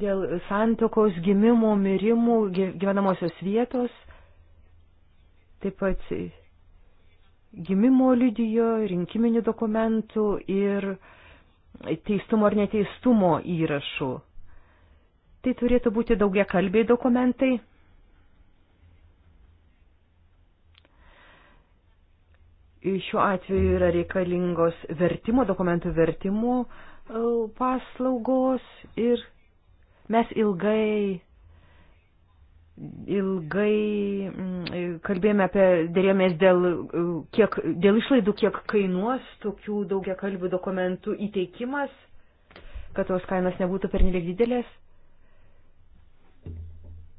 dėl santokos gimimų, mirimų, gyvenamosios vietos, taip pat gimimo liudijo, rinkiminių dokumentų ir teistumo ar neteistumo įrašų. Tai turėtų būti daugia kalbiai dokumentai. Šiuo atveju yra reikalingos vertimo, dokumentų vertimo uh, paslaugos ir mes ilgai, ilgai mm, kalbėjome apie, dėrėmės dėl, kiek, dėl išlaidų, kiek kainuos tokių daugia kalbių dokumentų įteikimas, kad tos kainos nebūtų pernelyg didelės.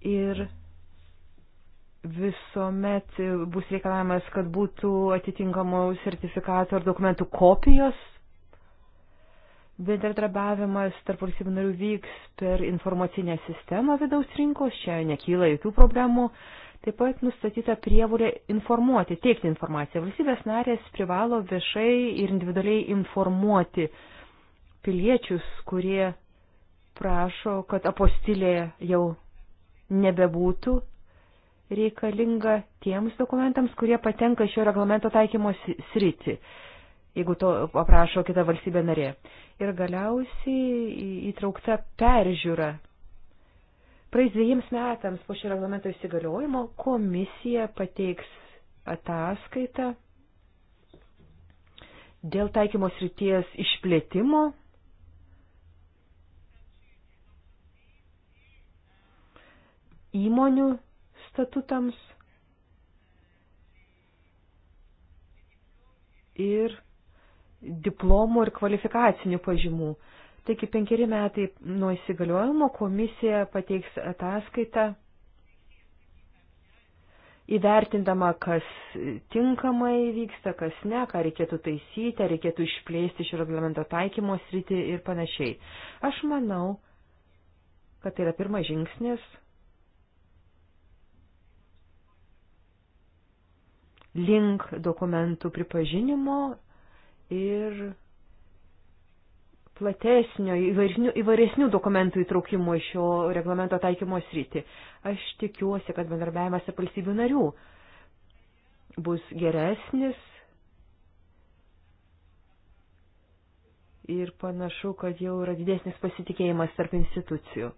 Ir visuomet bus reikalavimas, kad būtų atitinkamų sertifikatų ar dokumentų kopijos bendradarbiavimas tarp valstybių narių vyks per informacinę sistemą vidaus rinkos, čia nekyla jokių problemų. Taip pat nustatyta prievolė informuoti, teikti informaciją. Valstybės narės privalo viešai ir individualiai informuoti piliečius, kurie prašo, kad apostilė jau nebebūtų reikalinga tiems dokumentams, kurie patenka šio reglamento taikymo sritį. Si jeigu to paprašo kita valstybė narė. Ir galiausiai įtraukta peržiūra. Praeis dviejiems metams po šio reglamento įsigaliojimo komisija pateiks ataskaitą dėl taikymo srities išplėtimo. Įmonių statutams ir diplomų ir kvalifikacinių pažymų. Taigi penkeri metai nuo įsigaliojimo komisija pateiks ataskaitą įvertindama, kas tinkamai vyksta, kas ne, ką reikėtų taisyti, ar reikėtų išplėsti šio reglamento taikymo sritį ir panašiai. Aš manau, kad tai yra pirmas žingsnis link dokumentų pripažinimo ir platesnio, įvairesnių, įvairesnių dokumentų įtraukimo į šio reglamento taikymo sritį. Aš tikiuosi, kad bendarbiavimas ir valstybių narių bus geresnis ir panašu, kad jau yra didesnis pasitikėjimas tarp institucijų.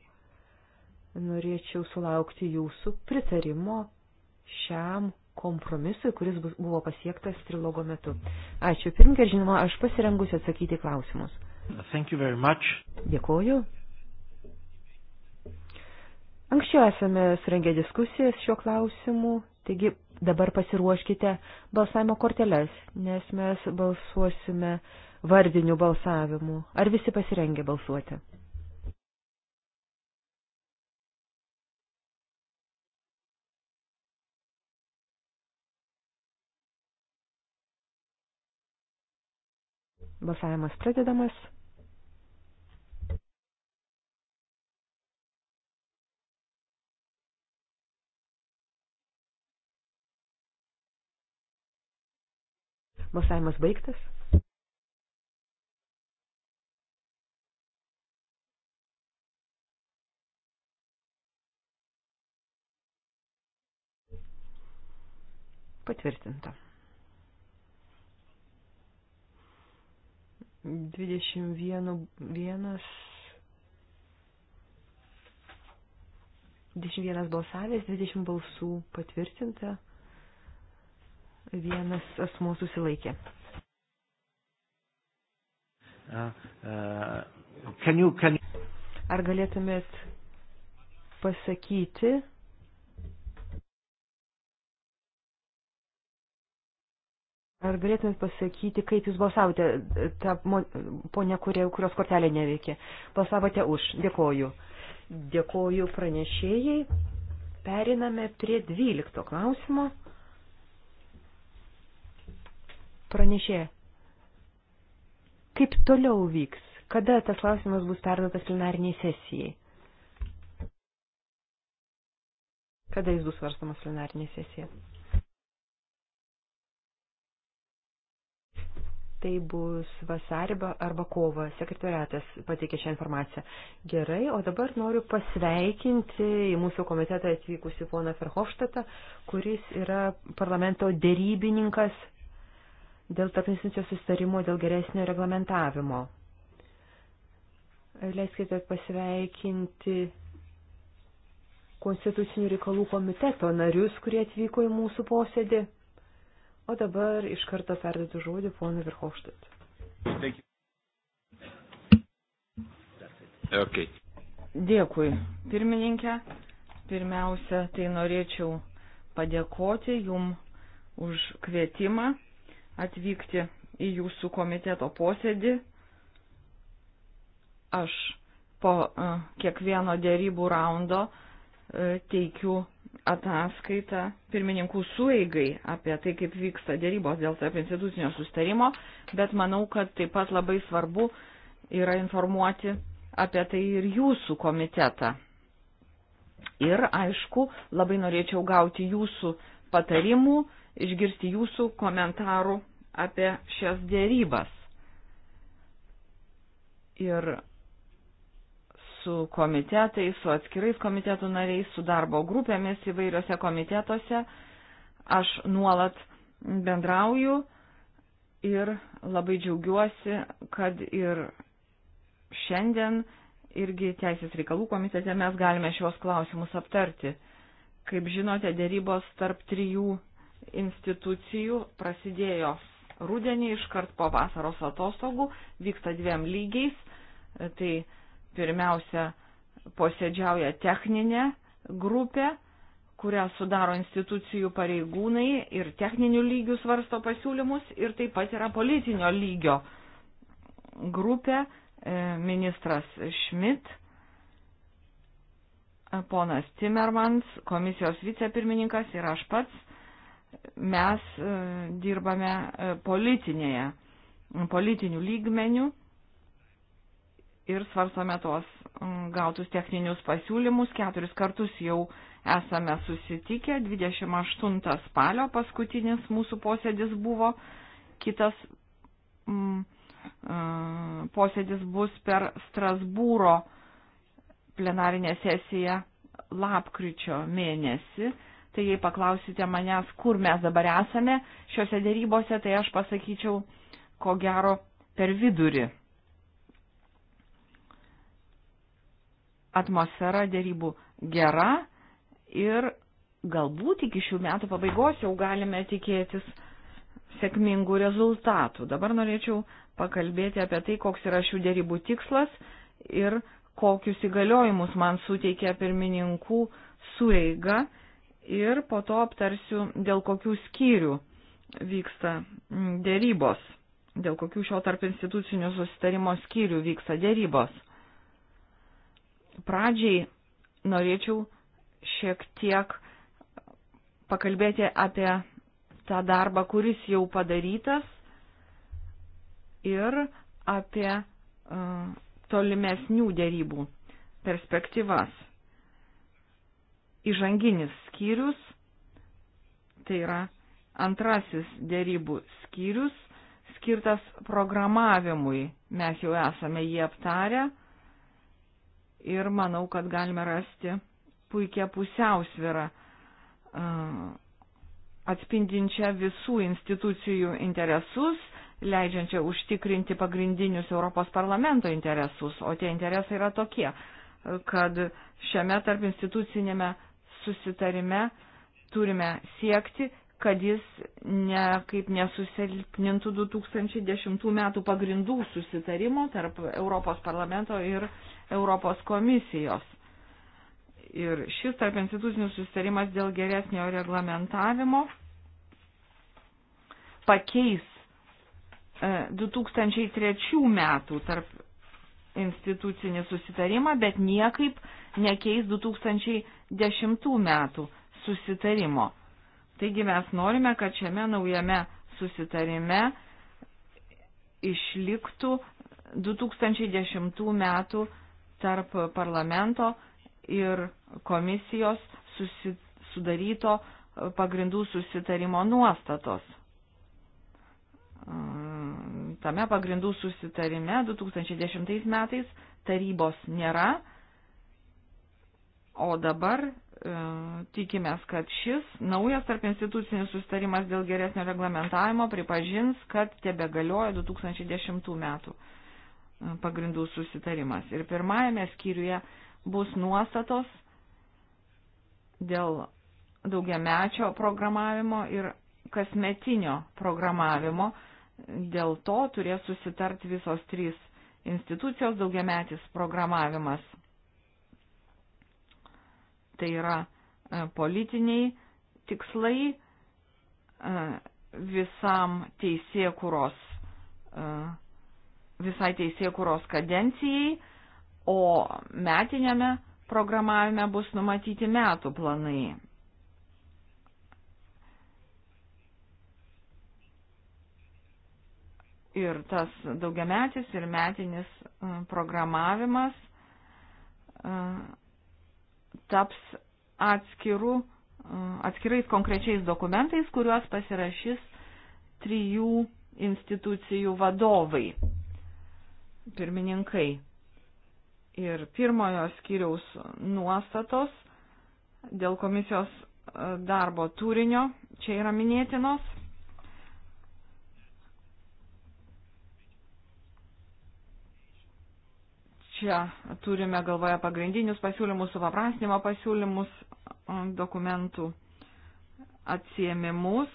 Norėčiau sulaukti jūsų pritarimo šiam kompromisui, kuris buvo pasiektas trilogo metu. Ačiū pirmininkė, žinoma, aš pasirengusiu atsakyti klausimus. Dėkuoju. Anksčiau esame surengę diskusijas šiuo klausimu, taigi dabar pasiruoškite balsavimo korteles, nes mes balsuosime vardiniu balsavimu. Ar visi pasirengę balsuoti? Balsavimas pradedamas. Balsavimas baigtas. Patvirtinta. 21, 1, 21 balsavęs, 20 balsų patvirtinta, vienas asmuo susilaikė. Uh, uh, can you, can you... Ar galėtumėt pasakyti, Ar galėtumėt pasakyti, kaip jūs balsavote, ta ponia, kurie, kurios kortelė neveikė? Balsavote už. Dėkoju. Dėkoju pranešėjai. Periname prie 12 klausimo. Pranešė. Kaip toliau vyks? Kada tas klausimas bus perduotas plenariniai sesijai? Kada jis bus svarstamas plenarinė sesija? tai bus vasarį arba kovą. Sekretariatas pateikė šią informaciją. Gerai, o dabar noriu pasveikinti į mūsų komitetą atvykusi poną Ferhofštatą, kuris yra parlamento dėrybininkas dėl tarpinstitucijos sustarimo dėl geresnio reglamentavimo. Leiskite pasveikinti konstitucinių reikalų komiteto narius, kurie atvyko į mūsų posėdį. O dabar iš karto perduodu žodį ponui Verhofštat. Okay. Dėkui, pirmininkė. Pirmiausia, tai norėčiau padėkoti jum už kvietimą atvykti į jūsų komiteto posėdį. Aš po kiekvieno dėrybų raundo teikiu ataskaitą pirmininkų sueigai apie tai, kaip vyksta dėrybos dėl tarp institucinio sustarimo, bet manau, kad taip pat labai svarbu yra informuoti apie tai ir jūsų komitetą. Ir, aišku, labai norėčiau gauti jūsų patarimų, išgirsti jūsų komentarų apie šias dėrybas. Ir su komitetais, su atskirais komitetų nariais, su darbo grupėmis įvairiose komitetuose. Aš nuolat bendrauju ir labai džiaugiuosi, kad ir šiandien irgi Teisės reikalų komitete mes galime šios klausimus aptarti. Kaip žinote, dėrybos tarp trijų institucijų prasidėjo rudenį iškart po vasaros atostogų, vyksta dviem lygiais. Tai Pirmiausia, posėdžiauja techninė grupė, kurią sudaro institucijų pareigūnai ir techninių lygių svarsto pasiūlymus ir taip pat yra politinio lygio grupė, e, ministras Šmit, ponas Timmermans, komisijos vicepirmininkas ir aš pats, mes e, dirbame e, politinėje, politinių lygmenių ir svarstome tos mm, gautus techninius pasiūlymus. Keturis kartus jau esame susitikę. 28 spalio paskutinis mūsų posėdis buvo. Kitas mm, e, posėdis bus per Strasbūro plenarinę sesiją lapkričio mėnesį. Tai jei paklausite manęs, kur mes dabar esame šiuose dėrybose, tai aš pasakyčiau, ko gero, per vidurį atmosfera dėrybų gera ir galbūt iki šių metų pabaigos jau galime tikėtis sėkmingų rezultatų. Dabar norėčiau pakalbėti apie tai, koks yra šių dėrybų tikslas ir kokius įgaliojimus man suteikia pirmininkų sueiga ir po to aptarsiu, dėl kokių skyrių vyksta dėrybos, dėl kokių šio tarp institucinių susitarimo skyrių vyksta dėrybos pradžiai norėčiau šiek tiek pakalbėti apie tą darbą, kuris jau padarytas ir apie uh, tolimesnių dėrybų perspektyvas. Įžanginis skyrius, tai yra antrasis dėrybų skyrius, skirtas programavimui. Mes jau esame jį aptarę ir manau, kad galime rasti puikia pusiausvyrą atspindinčią visų institucijų interesus, leidžiančią užtikrinti pagrindinius Europos parlamento interesus, o tie interesai yra tokie, kad šiame tarp institucinėme susitarime turime siekti, kad jis nekaip nesusilpnintų 2010 metų pagrindų susitarimo tarp Europos parlamento ir Europos komisijos. Ir šis tarp institucinių susitarimas dėl geresnio reglamentavimo pakeis 2003 e, metų tarp institucinį susitarimą, bet niekaip nekeis 2010 metų susitarimo. Taigi mes norime, kad šiame naujame susitarime išliktų 2010 metų tarp parlamento ir komisijos susi, sudaryto pagrindų susitarimo nuostatos. Tame pagrindų susitarime 2010 metais tarybos nėra, o dabar E, tikimės, kad šis naujas tarp institucinis sustarimas dėl geresnio reglamentavimo pripažins, kad tebe galioja 2010 metų e, pagrindų susitarimas. Ir pirmajame skyriuje bus nuostatos dėl daugiamečio programavimo ir kasmetinio programavimo. Dėl to turės susitart visos trys institucijos daugiametis programavimas tai yra e, politiniai tikslai e, visam teisėkuros, e, visai teisėkuros kadencijai, o metinėme programavime bus numatyti metų planai. Ir tas daugiametis ir metinis programavimas taps atskirų, atskirais konkrečiais dokumentais, kuriuos pasirašys trijų institucijų vadovai, pirmininkai. Ir pirmojo skiriaus nuostatos dėl komisijos darbo turinio čia yra minėtinos. Čia turime galvoje pagrindinius pasiūlymus, supaprastinimo pasiūlymus, mm, dokumentų atsiemimus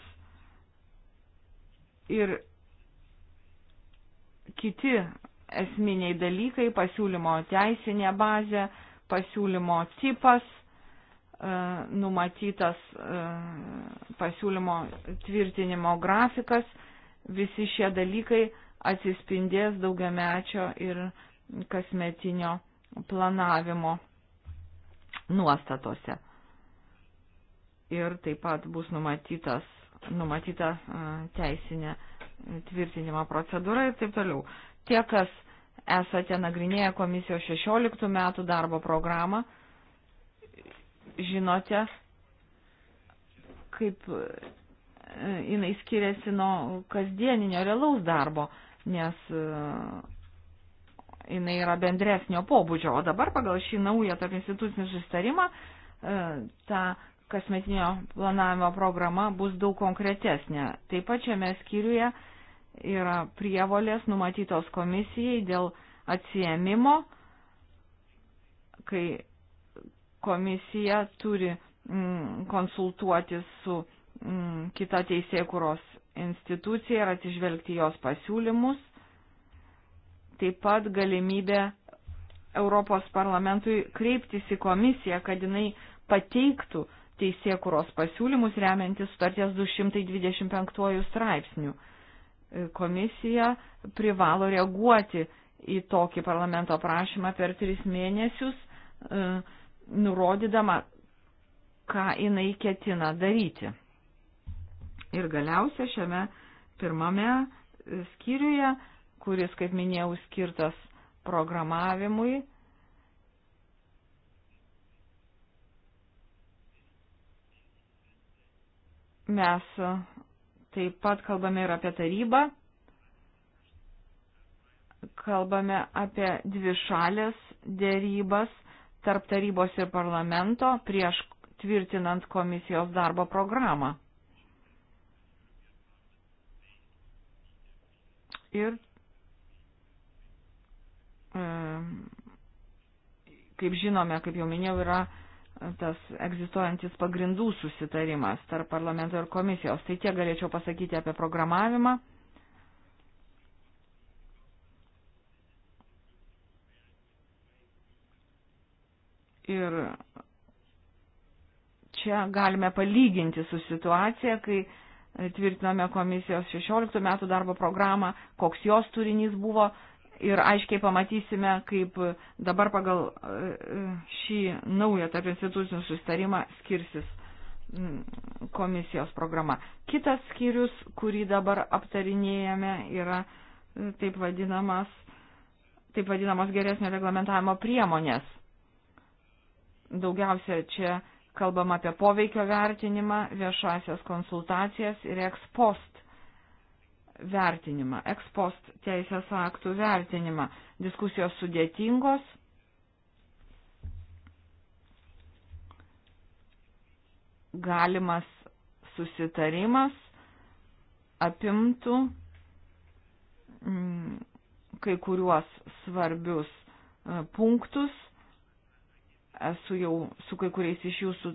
ir kiti esminiai dalykai - pasiūlymo teisinė bazė, pasiūlymo tipas, e, numatytas e, pasiūlymo tvirtinimo grafikas, visi šie dalykai atsispindės daugiamečio ir kasmetinio planavimo nuostatose. Ir taip pat bus numatytas, numatyta teisinė tvirtinimo procedūra ir taip toliau. Tie, kas esate nagrinėję komisijos 16 metų darbo programą, žinote, kaip jinai skiriasi nuo kasdieninio realaus darbo, nes jinai yra bendresnio pobūdžio, o dabar pagal šį naują tarp institucinį sustarimą e, ta kasmetinio planavimo programa bus daug konkretesnė. Taip pat šiame skyriuje yra prievolės numatytos komisijai dėl atsiemimo, kai komisija turi mm, konsultuoti su mm, kita teisėkuros institucija ir atsižvelgti jos pasiūlymus taip pat galimybė Europos parlamentui kreiptis į komisiją, kad jinai pateiktų teisėkuros pasiūlymus remiantis sutarties 225 straipsnių. Komisija privalo reaguoti į tokį parlamento prašymą per tris mėnesius, e, nurodydama, ką jinai ketina daryti. Ir galiausia šiame pirmame skyriuje kuris, kaip minėjau, skirtas programavimui. Mes taip pat kalbame ir apie tarybą, kalbame apie dvi šalės dėrybas tarp tarybos ir parlamento prieš tvirtinant komisijos darbo programą. ir E, kaip žinome, kaip jau minėjau, yra tas egzistuojantis pagrindų susitarimas tarp parlamento ir komisijos. Tai tiek galėčiau pasakyti apie programavimą. Ir čia galime palyginti su situacija, kai tvirtinome komisijos 16 metų darbo programą, koks jos turinys buvo ir aiškiai pamatysime, kaip dabar pagal e, e, šį naują tarp institucijų sustarimą skirsis mm, komisijos programa. Kitas skyrius, kurį dabar aptarinėjame, yra e, taip, vadinamas, taip vadinamos geresnio reglamentavimo priemonės. Daugiausia čia kalbam apie poveikio vertinimą, viešasias konsultacijas ir ekspost vertinimą, ekspost teisės aktų vertinimą. Diskusijos sudėtingos. Galimas susitarimas apimtų mm, kai kuriuos svarbius e, punktus. Esu jau su kai kuriais iš jūsų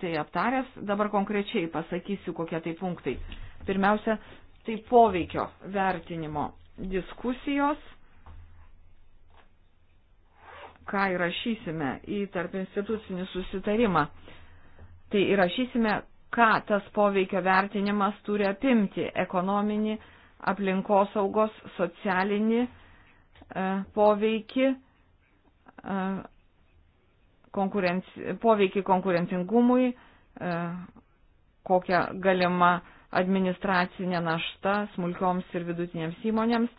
tai aptaręs. Dabar konkrečiai pasakysiu, kokie tai punktai. Pirmiausia, tai poveikio vertinimo diskusijos, ką įrašysime į tarp institucinį susitarimą. Tai įrašysime, ką tas poveikio vertinimas turi apimti - ekonominį, aplinkosaugos, socialinį e, poveikį, e, konkurenci, poveikį konkurencingumui, e, kokia galima e, administracinė našta smulkioms ir vidutinėms įmonėms,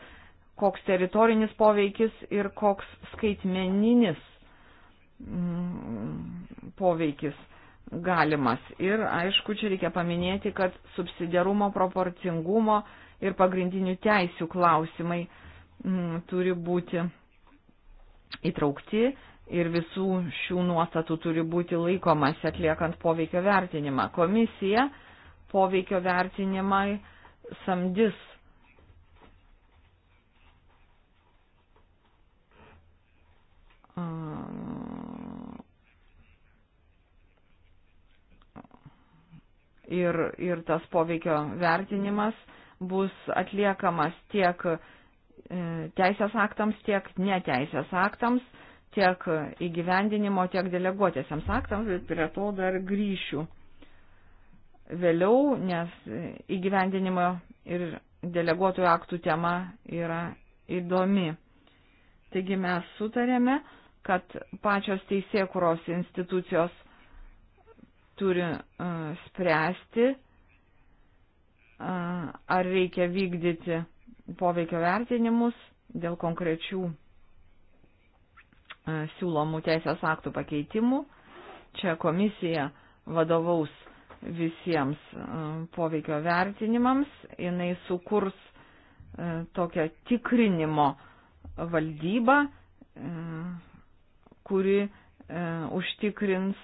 koks teritorinis poveikis ir koks skaitmeninis mm, poveikis galimas. Ir aišku, čia reikia paminėti, kad subsidiarumo, proporcingumo ir pagrindinių teisių klausimai m, mm, turi būti įtraukti ir visų šių nuostatų turi būti laikomasi atliekant poveikio vertinimą. Komisija uh, poveikio vertinimai samdys. Ir, ir tas poveikio vertinimas bus atliekamas tiek e, teisės aktams, tiek neteisės aktams, tiek įgyvendinimo, tiek deleguotėsiams aktams, bet prie to dar grįšiu vėliau, nes įgyvendinimo ir deleguotojų aktų tema yra įdomi. Taigi mes sutarėme, kad pačios teisėkuros institucijos turi uh, spręsti, uh, ar reikia vykdyti poveikio vertinimus dėl konkrečių uh, siūlomų teisės aktų pakeitimų. Čia komisija vadovaus visiems e, poveikio vertinimams, jinai sukurs e, tokią tikrinimo valdybą, e, kuri užtikrins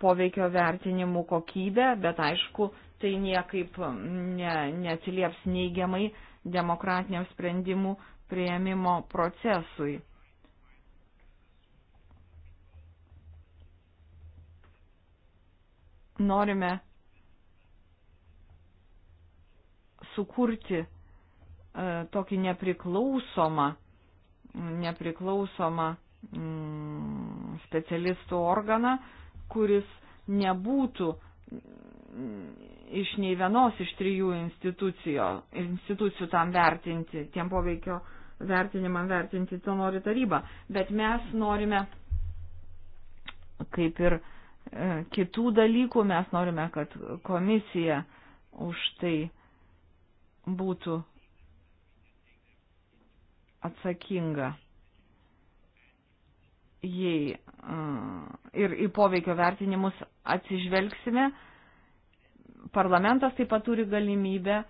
poveikio vertinimų kokybę, bet aišku, tai niekaip ne, neatsilieps neigiamai demokratiniam sprendimų prieimimo procesui. norime sukurti e, tokį nepriklausomą, nepriklausomą mm, specialistų organą, kuris nebūtų mm, iš nei vienos iš trijų institucijų tam vertinti, tiem poveikio vertinimam vertinti, to nori taryba. Bet mes norime, kaip ir uh, E, kitų dalykų. Mes norime, kad komisija už tai būtų atsakinga. Jei e, ir į poveikio vertinimus atsižvelgsime, parlamentas taip pat turi galimybę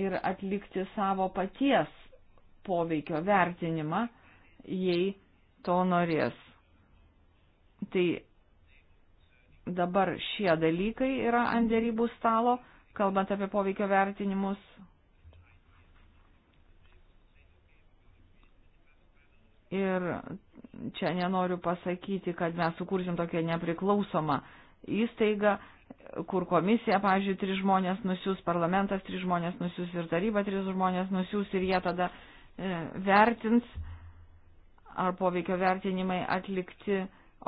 ir atlikti savo paties poveikio vertinimą, jei to norės. Tai dabar šie dalykai yra ant dėrybų stalo, kalbant apie poveikio vertinimus. Ir čia nenoriu pasakyti, kad mes sukursim tokią nepriklausomą įstaigą, kur komisija, pavyzdžiui, tris žmonės nusiūs, parlamentas tris žmonės nusiūs ir taryba tris žmonės nusiūs ir jie tada e, vertins, ar poveikio vertinimai atlikti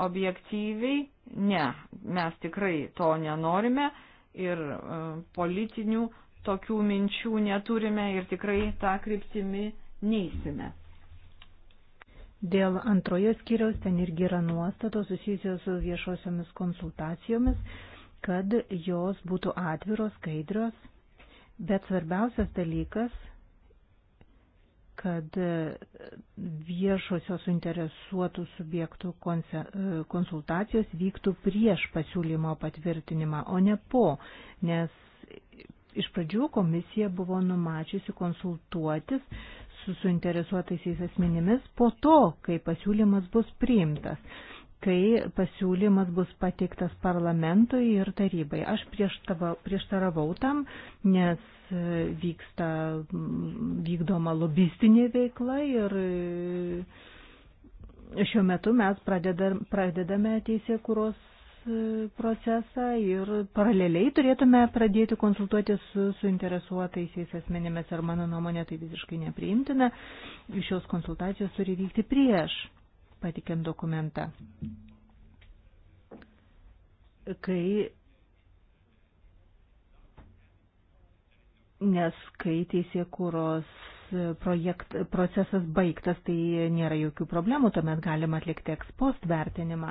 objektyviai Ne, mes tikrai to nenorime ir e, politinių tokių minčių neturime ir tikrai tą kryptimį neįsime. Dėl antrojo skyriaus ten irgi yra nuostatos susijusios su viešosiomis konsultacijomis, kad jos būtų atviros, skaidrios, bet svarbiausias dalykas kad e, viešosios suinteresuotų subjektų e, konsultacijos vyktų prieš pasiūlymo patvirtinimą, o ne po, nes iš pradžių komisija buvo numačiusi konsultuotis su suinteresuotaisiais asmenimis po to, kai pasiūlymas bus priimtas kai pasiūlymas bus pateiktas parlamentui ir tarybai. Aš prieštaravau tam, nes e, vyksta vykdoma lobistinė veikla ir e, šiuo metu mes pradedame teisė kūros e, procesą ir paraleliai turėtume pradėti konsultuoti su suinteresuotaisiais asmenėmis ir mano nuomonė tai visiškai nepriimtina. Šios konsultacijos turi vykti prieš patikiant dokumentą. Kai Nes kai teisėkūros projekt, procesas baigtas, tai nėra jokių problemų, tuomet galima atlikti ekspost vertinimą.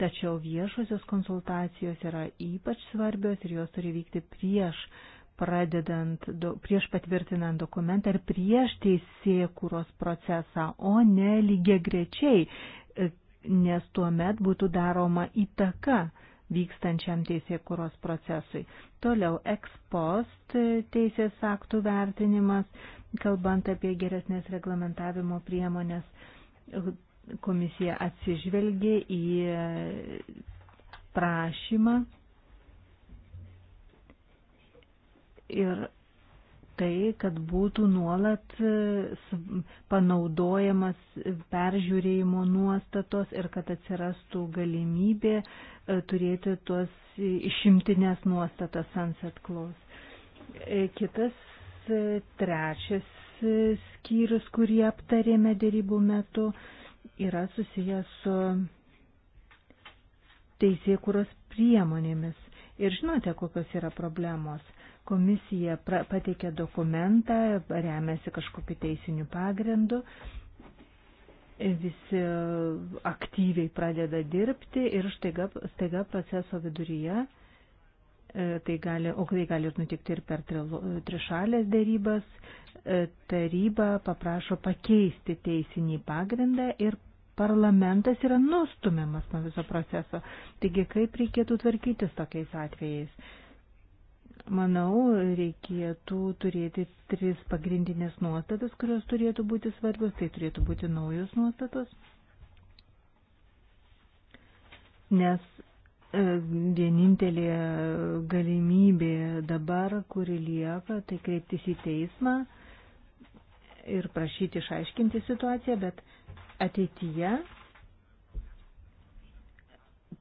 Tačiau viešosios konsultacijos yra ypač svarbios ir jos turi vykti prieš uh, pradedant, do, prieš patvirtinant dokumentą ir prieš teisėkūros procesą, o ne lygiai grečiai, e, nes tuomet būtų daroma įtaka vykstančiam teisėkūros procesui. Toliau ekspost teisės aktų vertinimas, kalbant apie geresnės reglamentavimo priemonės, komisija atsižvelgė į prašymą ir tai, kad būtų nuolat e, panaudojamas peržiūrėjimo nuostatos ir kad atsirastų galimybė e, turėti tuos išimtinės nuostatas sunset clause. E, kitas trečias skyrius, kurį aptarėme dėrybų metu, yra susijęs su teisėkuros priemonėmis. Ir žinote, kokios yra problemos Komisija pateikia dokumentą, remiasi kažkokiu teisiniu pagrindu, visi aktyviai pradeda dirbti ir staiga, staiga proceso viduryje, e, tai gali, o tai gali ir nutikti ir per trišalės dėrybas, e, taryba paprašo pakeisti teisinį pagrindą ir parlamentas yra nustumiamas nuo viso proceso. Taigi kaip reikėtų tvarkytis tokiais atvejais? Manau, reikėtų turėti tris pagrindinės nuostatas, kurios turėtų būti svarbios. Tai turėtų būti naujos nuostatos, nes e, vienintelė galimybė dabar, kuri lieka, tai kreiptis į teismą ir prašyti išaiškinti situaciją, bet ateityje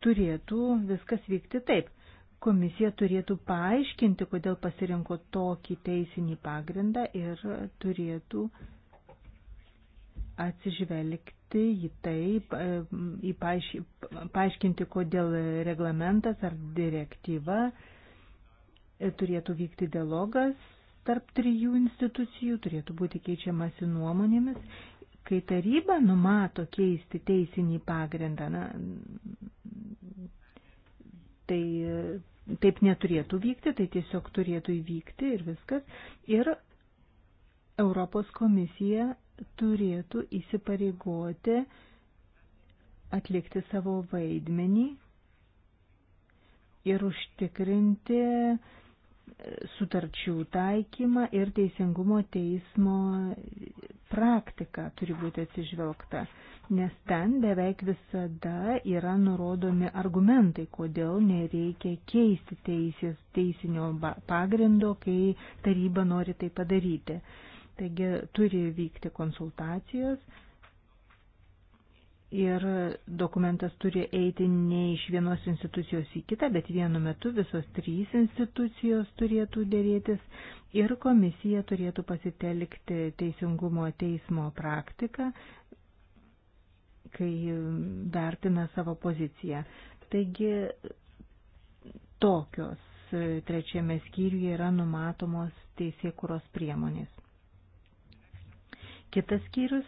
turėtų viskas vykti taip komisija turėtų paaiškinti, kodėl pasirinko tokį teisinį pagrindą ir turėtų atsižvelgti į tai, e, į paaiškinti, kodėl reglamentas ar direktyva e, turėtų vykti dialogas tarp trijų institucijų, turėtų būti keičiamasi nuomonėmis. Kai taryba numato keisti teisinį pagrindą, na, tai e, taip neturėtų vykti, tai tiesiog turėtų įvykti ir viskas. Ir Europos komisija turėtų įsipareigoti atlikti savo vaidmenį ir užtikrinti uh, sutarčių taikymą ir teisingumo teismo praktika turi būti atsižvelgta, nes ten beveik visada yra nurodomi argumentai, kodėl nereikia keisti teisės teisinio pagrindo, kai taryba nori tai padaryti. Taigi turi vykti konsultacijos ir dokumentas turi eiti ne iš vienos institucijos į kitą, bet vienu metu visos trys institucijos turėtų dėrėtis ir komisija turėtų pasitelkti teisingumo teismo praktiką, kai vertina savo poziciją. Taigi tokios trečiame skyriuje yra numatomos teisėkuros priemonės. Kitas skyrius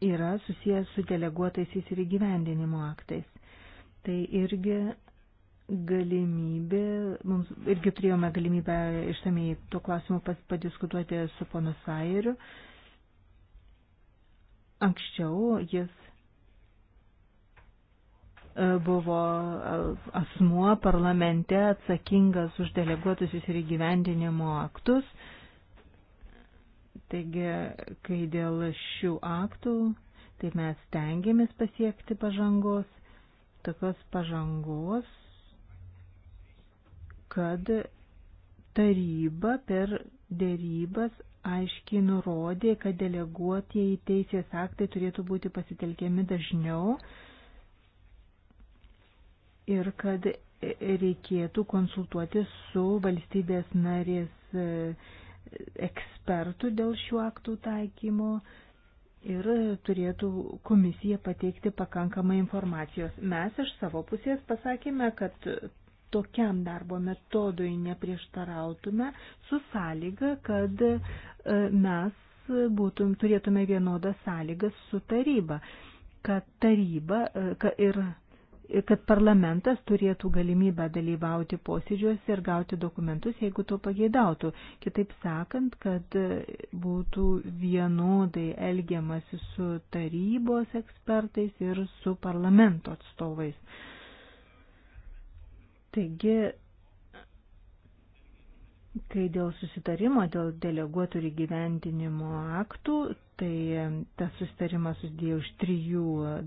yra susijęs su deleguotaisiais ir įgyvendinimo aktais. Tai irgi galimybė, mums irgi turėjome galimybę išsamei tuo klausimu padiskutuoti su ponu Sairiu. Anksčiau jis e, buvo e, asmuo parlamente atsakingas už deleguotusius ir įgyvendinimo aktus. Taigi, kai dėl šių aktų, tai mes tengiamės pasiekti pažangos, tokios pažangos, kad taryba per dėrybas aiškiai nurodė, kad deleguotieji teisės aktai turėtų būti pasitelkiami dažniau ir kad reikėtų konsultuoti su valstybės narės ekspertų dėl šių aktų taikymo ir turėtų komisija pateikti pakankamai informacijos. Mes iš savo pusės pasakėme, kad tokiam darbo metodui neprieštarautume su sąlyga, kad e, mes būtum, turėtume vienodą sąlygą su taryba, kad taryba e, kad ir kad parlamentas turėtų galimybę dalyvauti posėdžiuose ir gauti dokumentus, jeigu to pageidautų. Kitaip sakant, kad būtų vienodai elgiamasi su tarybos ekspertais ir su parlamento atstovais. Taigi Kai dėl susitarimo, dėl deleguotų ir gyventinimo aktų, tai e, tas susitarimas susidėjo iš trijų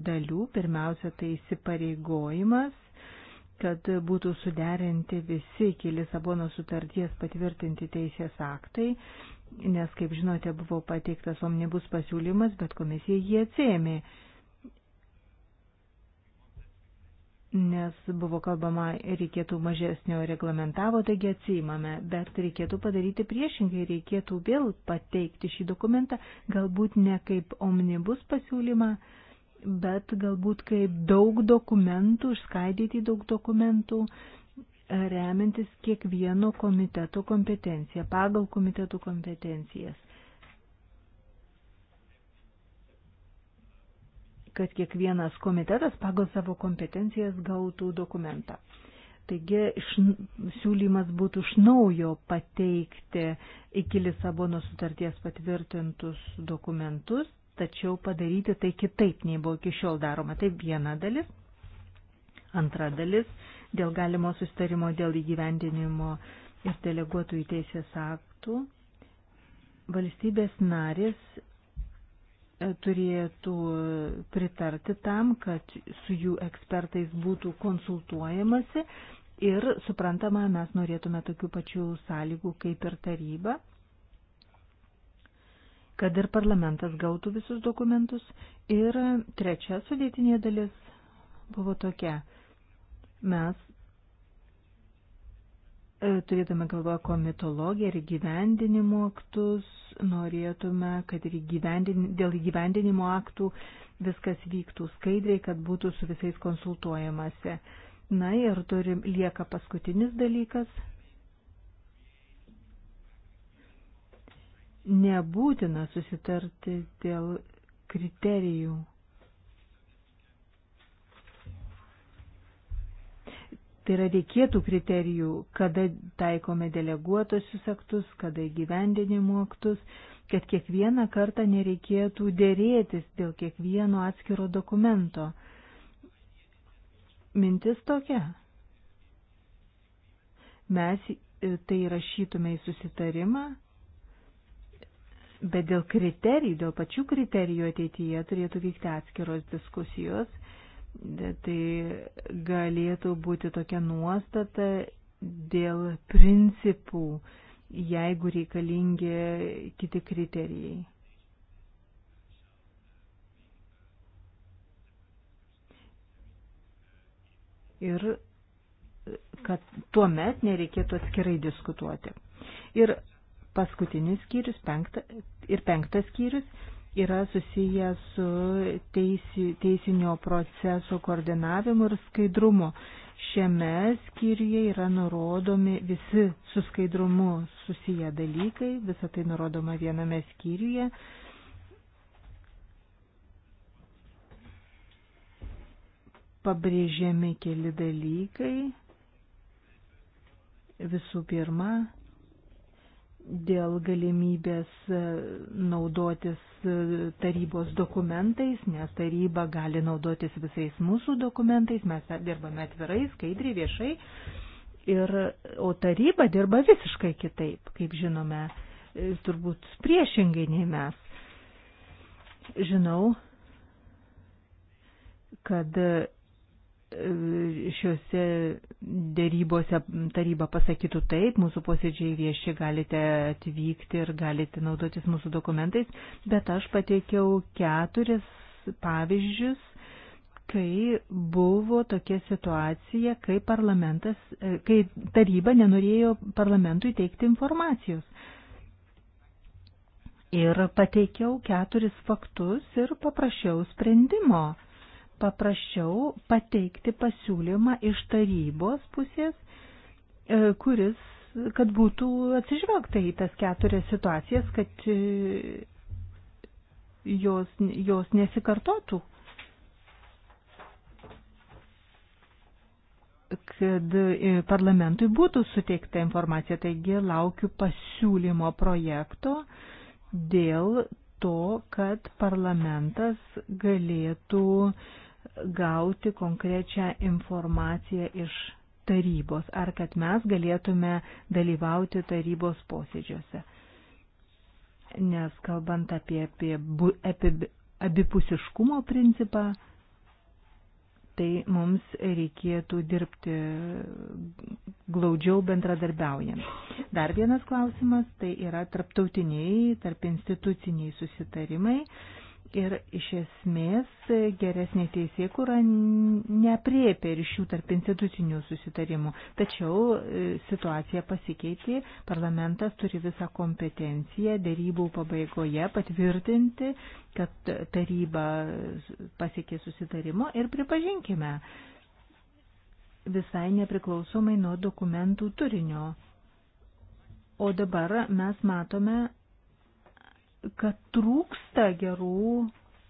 dalių. Pirmiausia, tai įsipareigojimas, kad būtų suderinti visi iki Lisabono sutarties patvirtinti teisės aktai, nes, kaip žinote, buvo pateiktas omnibus pasiūlymas, bet komisija jį atsėmė. nes buvo kalbama reikėtų mažesnio reglamentavo, taigi atsijimame, bet reikėtų padaryti priešingai, reikėtų vėl pateikti šį dokumentą, galbūt ne kaip omnibus pasiūlymą, bet galbūt kaip daug dokumentų, išskaidyti daug dokumentų, remiantis kiekvieno komiteto kompetenciją, pagal komitetų kompetencijas. kad kiekvienas komitetas pagal savo kompetencijas gautų dokumentą. Taigi iš, siūlymas būtų iš naujo pateikti iki Lisabono sutarties patvirtintus dokumentus, tačiau padaryti tai kitaip, nei buvo iki šiol daroma. Tai viena dalis. Antra dalis dėl galimo sustarimo dėl įgyvendinimo ir deleguotų į teisės aktų valstybės narės turėtų pritarti tam, kad su jų ekspertais būtų konsultuojamasi ir suprantama, mes norėtume tokių pačių sąlygų kaip ir taryba, kad ir parlamentas gautų visus dokumentus. Ir trečia sudėtinė dalis buvo tokia. Mes E, turėtume galvoje komitologiją ir gyvendinimo aktus, norėtume, kad ir gyvendin, dėl gyvendinimo aktų viskas vyktų skaidriai, kad būtų su visais konsultuojamasi. Na ir turim, lieka paskutinis dalykas. Nebūtina susitarti dėl kriterijų tai yra reikėtų kriterijų, kada taikome deleguotosius aktus, kada įgyvendinimo aktus, kad kiekvieną kartą nereikėtų dėrėtis dėl kiekvieno atskiro dokumento. Mintis tokia. Mes e, tai rašytume į susitarimą, bet dėl kriterijų, dėl pačių kriterijų ateityje turėtų vykti atskiros diskusijos Tai galėtų būti tokia nuostata dėl principų, jeigu reikalingi kiti kriterijai. Ir kad tuo met nereikėtų atskirai diskutuoti. Ir paskutinis skyrius, penkta, ir penktas skyrius yra susijęs su teisi, teisinio proceso koordinavimu ir skaidrumu. Šiame skyriuje yra nurodomi visi su skaidrumu susiję dalykai, visa tai nurodoma viename skyriuje. Pabrėžiami keli dalykai. Visų pirma, dėl galimybės e, naudotis e, tarybos dokumentais, nes taryba gali naudotis visais mūsų dokumentais, mes dirbame atvirai, skaidriai, viešai, ir, o taryba dirba visiškai kitaip, kaip žinome, e, turbūt priešingai nei mes. Žinau, kad šiuose dėrybose taryba pasakytų taip, mūsų posėdžiai vieši galite atvykti ir galite naudotis mūsų dokumentais, bet aš pateikiau keturis pavyzdžius, kai buvo tokia situacija, kai, parlamentas, kai taryba nenorėjo parlamentui teikti informacijos. Ir pateikiau keturis faktus ir paprašiau sprendimo paprašiau pateikti pasiūlymą iš tarybos pusės, e, kuris, kad būtų atsižvelgta į tas keturias situacijas, kad e, jos, jos nesikartotų. kad e, parlamentui būtų suteikta informacija, taigi laukiu pasiūlymo projekto dėl to, kad parlamentas galėtų uh, gauti konkrečią informaciją iš tarybos ar kad mes galėtume dalyvauti tarybos posėdžiuose. Nes kalbant apie, apie, apie abipusiškumo principą, tai mums reikėtų dirbti glaudžiau bendradarbiaujant. Dar vienas klausimas tai yra tarptautiniai, tarp instituciniai susitarimai. Uh, Ir iš esmės geresnė teisėkūra nepriepia ryšių tarp institucinių susitarimų. Tačiau e, situacija pasikeitė, parlamentas turi visą kompetenciją dėrybų pabaigoje patvirtinti, kad taryba pasiekė susitarimo ir pripažinkime visai nepriklausomai nuo dokumentų turinio. O dabar mes matome, kad trūksta gerų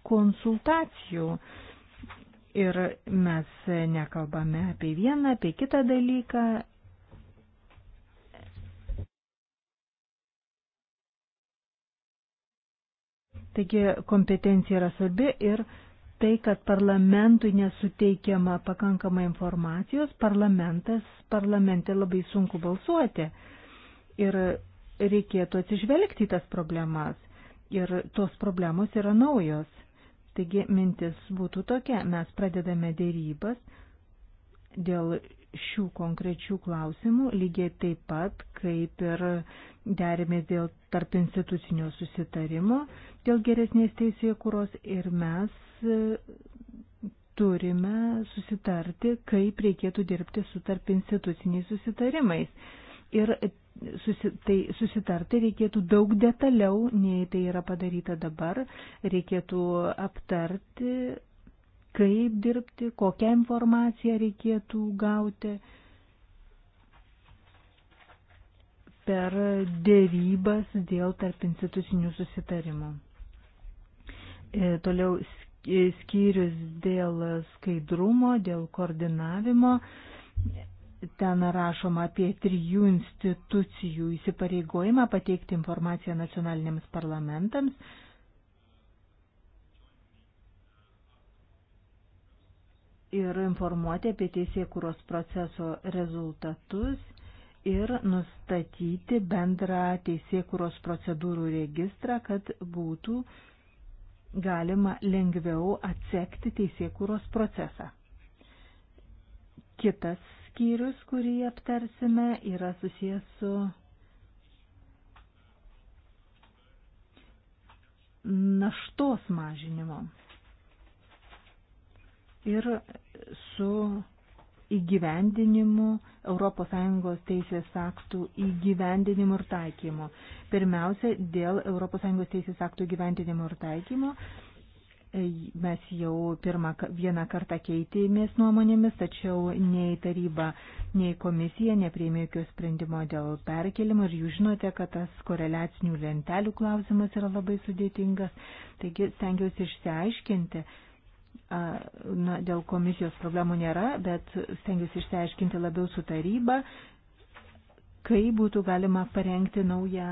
konsultacijų. Ir mes nekalbame apie vieną, apie kitą dalyką. Taigi kompetencija yra svarbi ir tai, kad parlamentui nesuteikiama pakankama informacijos, parlamentas, parlamente labai sunku balsuoti. Ir reikėtų atsižvelgti į tas problemas ir tos problemos yra naujos. Taigi mintis būtų tokia, mes pradedame dėrybas dėl šių konkrečių klausimų, lygiai taip pat, kaip ir derimės dėl tarp institucinio susitarimo, dėl geresnės teisėjų kūros ir mes e, turime susitarti, kaip reikėtų dirbti su tarp instituciniais susitarimais ir susi, tai susitarti reikėtų daug detaliau, nei tai yra padaryta dabar, reikėtų aptarti, kaip dirbti, kokią informaciją reikėtų gauti per dėrybas dėl tarp institucinių susitarimų. E, toliau skyrius dėl skaidrumo, dėl koordinavimo Ten rašoma apie trijų institucijų įsipareigojimą pateikti informaciją nacionaliniams parlamentams. Ir informuoti apie teisėkūros proceso rezultatus ir nustatyti bendrą teisėkūros procedūrų registrą, kad būtų galima lengviau atsekti teisėkūros procesą. Kitas skyrius, kurį aptarsime, yra susijęs su naštos mažinimo ir su įgyvendinimu ES teisės aktų įgyvendinimu ir taikymu. Pirmiausia, dėl ES teisės aktų įgyvendinimo ir taikymo Mes jau pirmą vieną kartą keitėmės nuomonėmis, tačiau nei taryba, nei komisija neprieimė jokio sprendimo dėl perkelimo ir jūs žinote, kad tas koreliacinių lentelių klausimas yra labai sudėtingas. Taigi stengiuosi išsiaiškinti, na, dėl komisijos problemų nėra, bet stengiuosi išsiaiškinti labiau su taryba kaip būtų galima parengti naują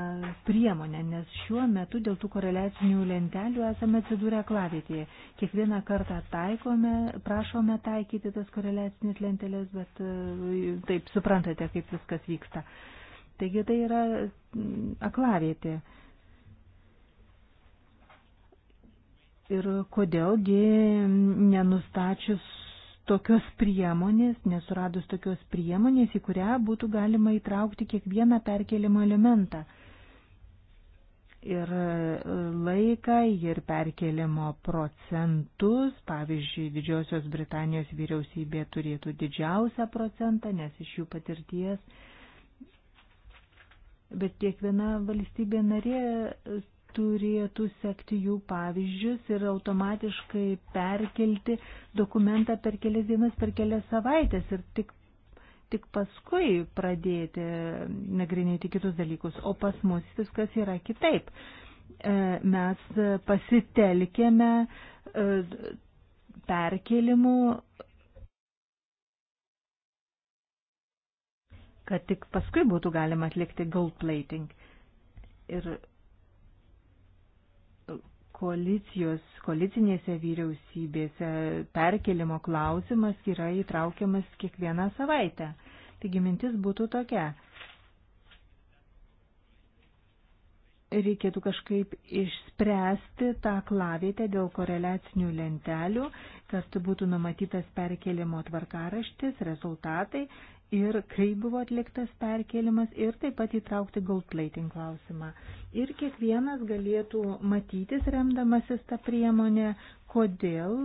priemonę, nes šiuo metu dėl tų koreliacinių lentelių esame atsidūrę klavietėje. Kiekvieną kartą taikome, prašome taikyti tas koreliacinės lentelės, bet e, taip suprantate, kaip viskas vyksta. Taigi tai yra mm, aklavietė. Ir kodėlgi nenustačius tokios priemonės, nesuradus tokios priemonės, į kurią būtų galima įtraukti kiekvieną perkelimo elementą. Ir e, laiką, ir perkelimo procentus, pavyzdžiui, Didžiosios Britanijos vyriausybė turėtų didžiausią procentą, nes iš jų patirties Bet kiekviena valstybė narė turėtų sekti jų pavyzdžius ir automatiškai perkelti dokumentą per kelias dienas, per kelias savaitės ir tik, tik paskui pradėti nagrinėti kitus dalykus. O pas mus viskas yra kitaip. E, mes pasitelkėme e, perkelimų kad tik paskui būtų galima atlikti gold plating. Ir koalicijos, koalicinėse vyriausybėse perkelimo klausimas yra įtraukiamas kiekvieną savaitę. Taigi mintis būtų tokia. Reikėtų kažkaip išspręsti tą klavietę dėl koreliacinių lentelių, kad būtų numatytas perkelimo tvarkaraštis, rezultatai ir kaip buvo atliktas perkelimas ir taip pat įtraukti gold plating klausimą. Ir kiekvienas galėtų matytis remdamasis tą priemonę, kodėl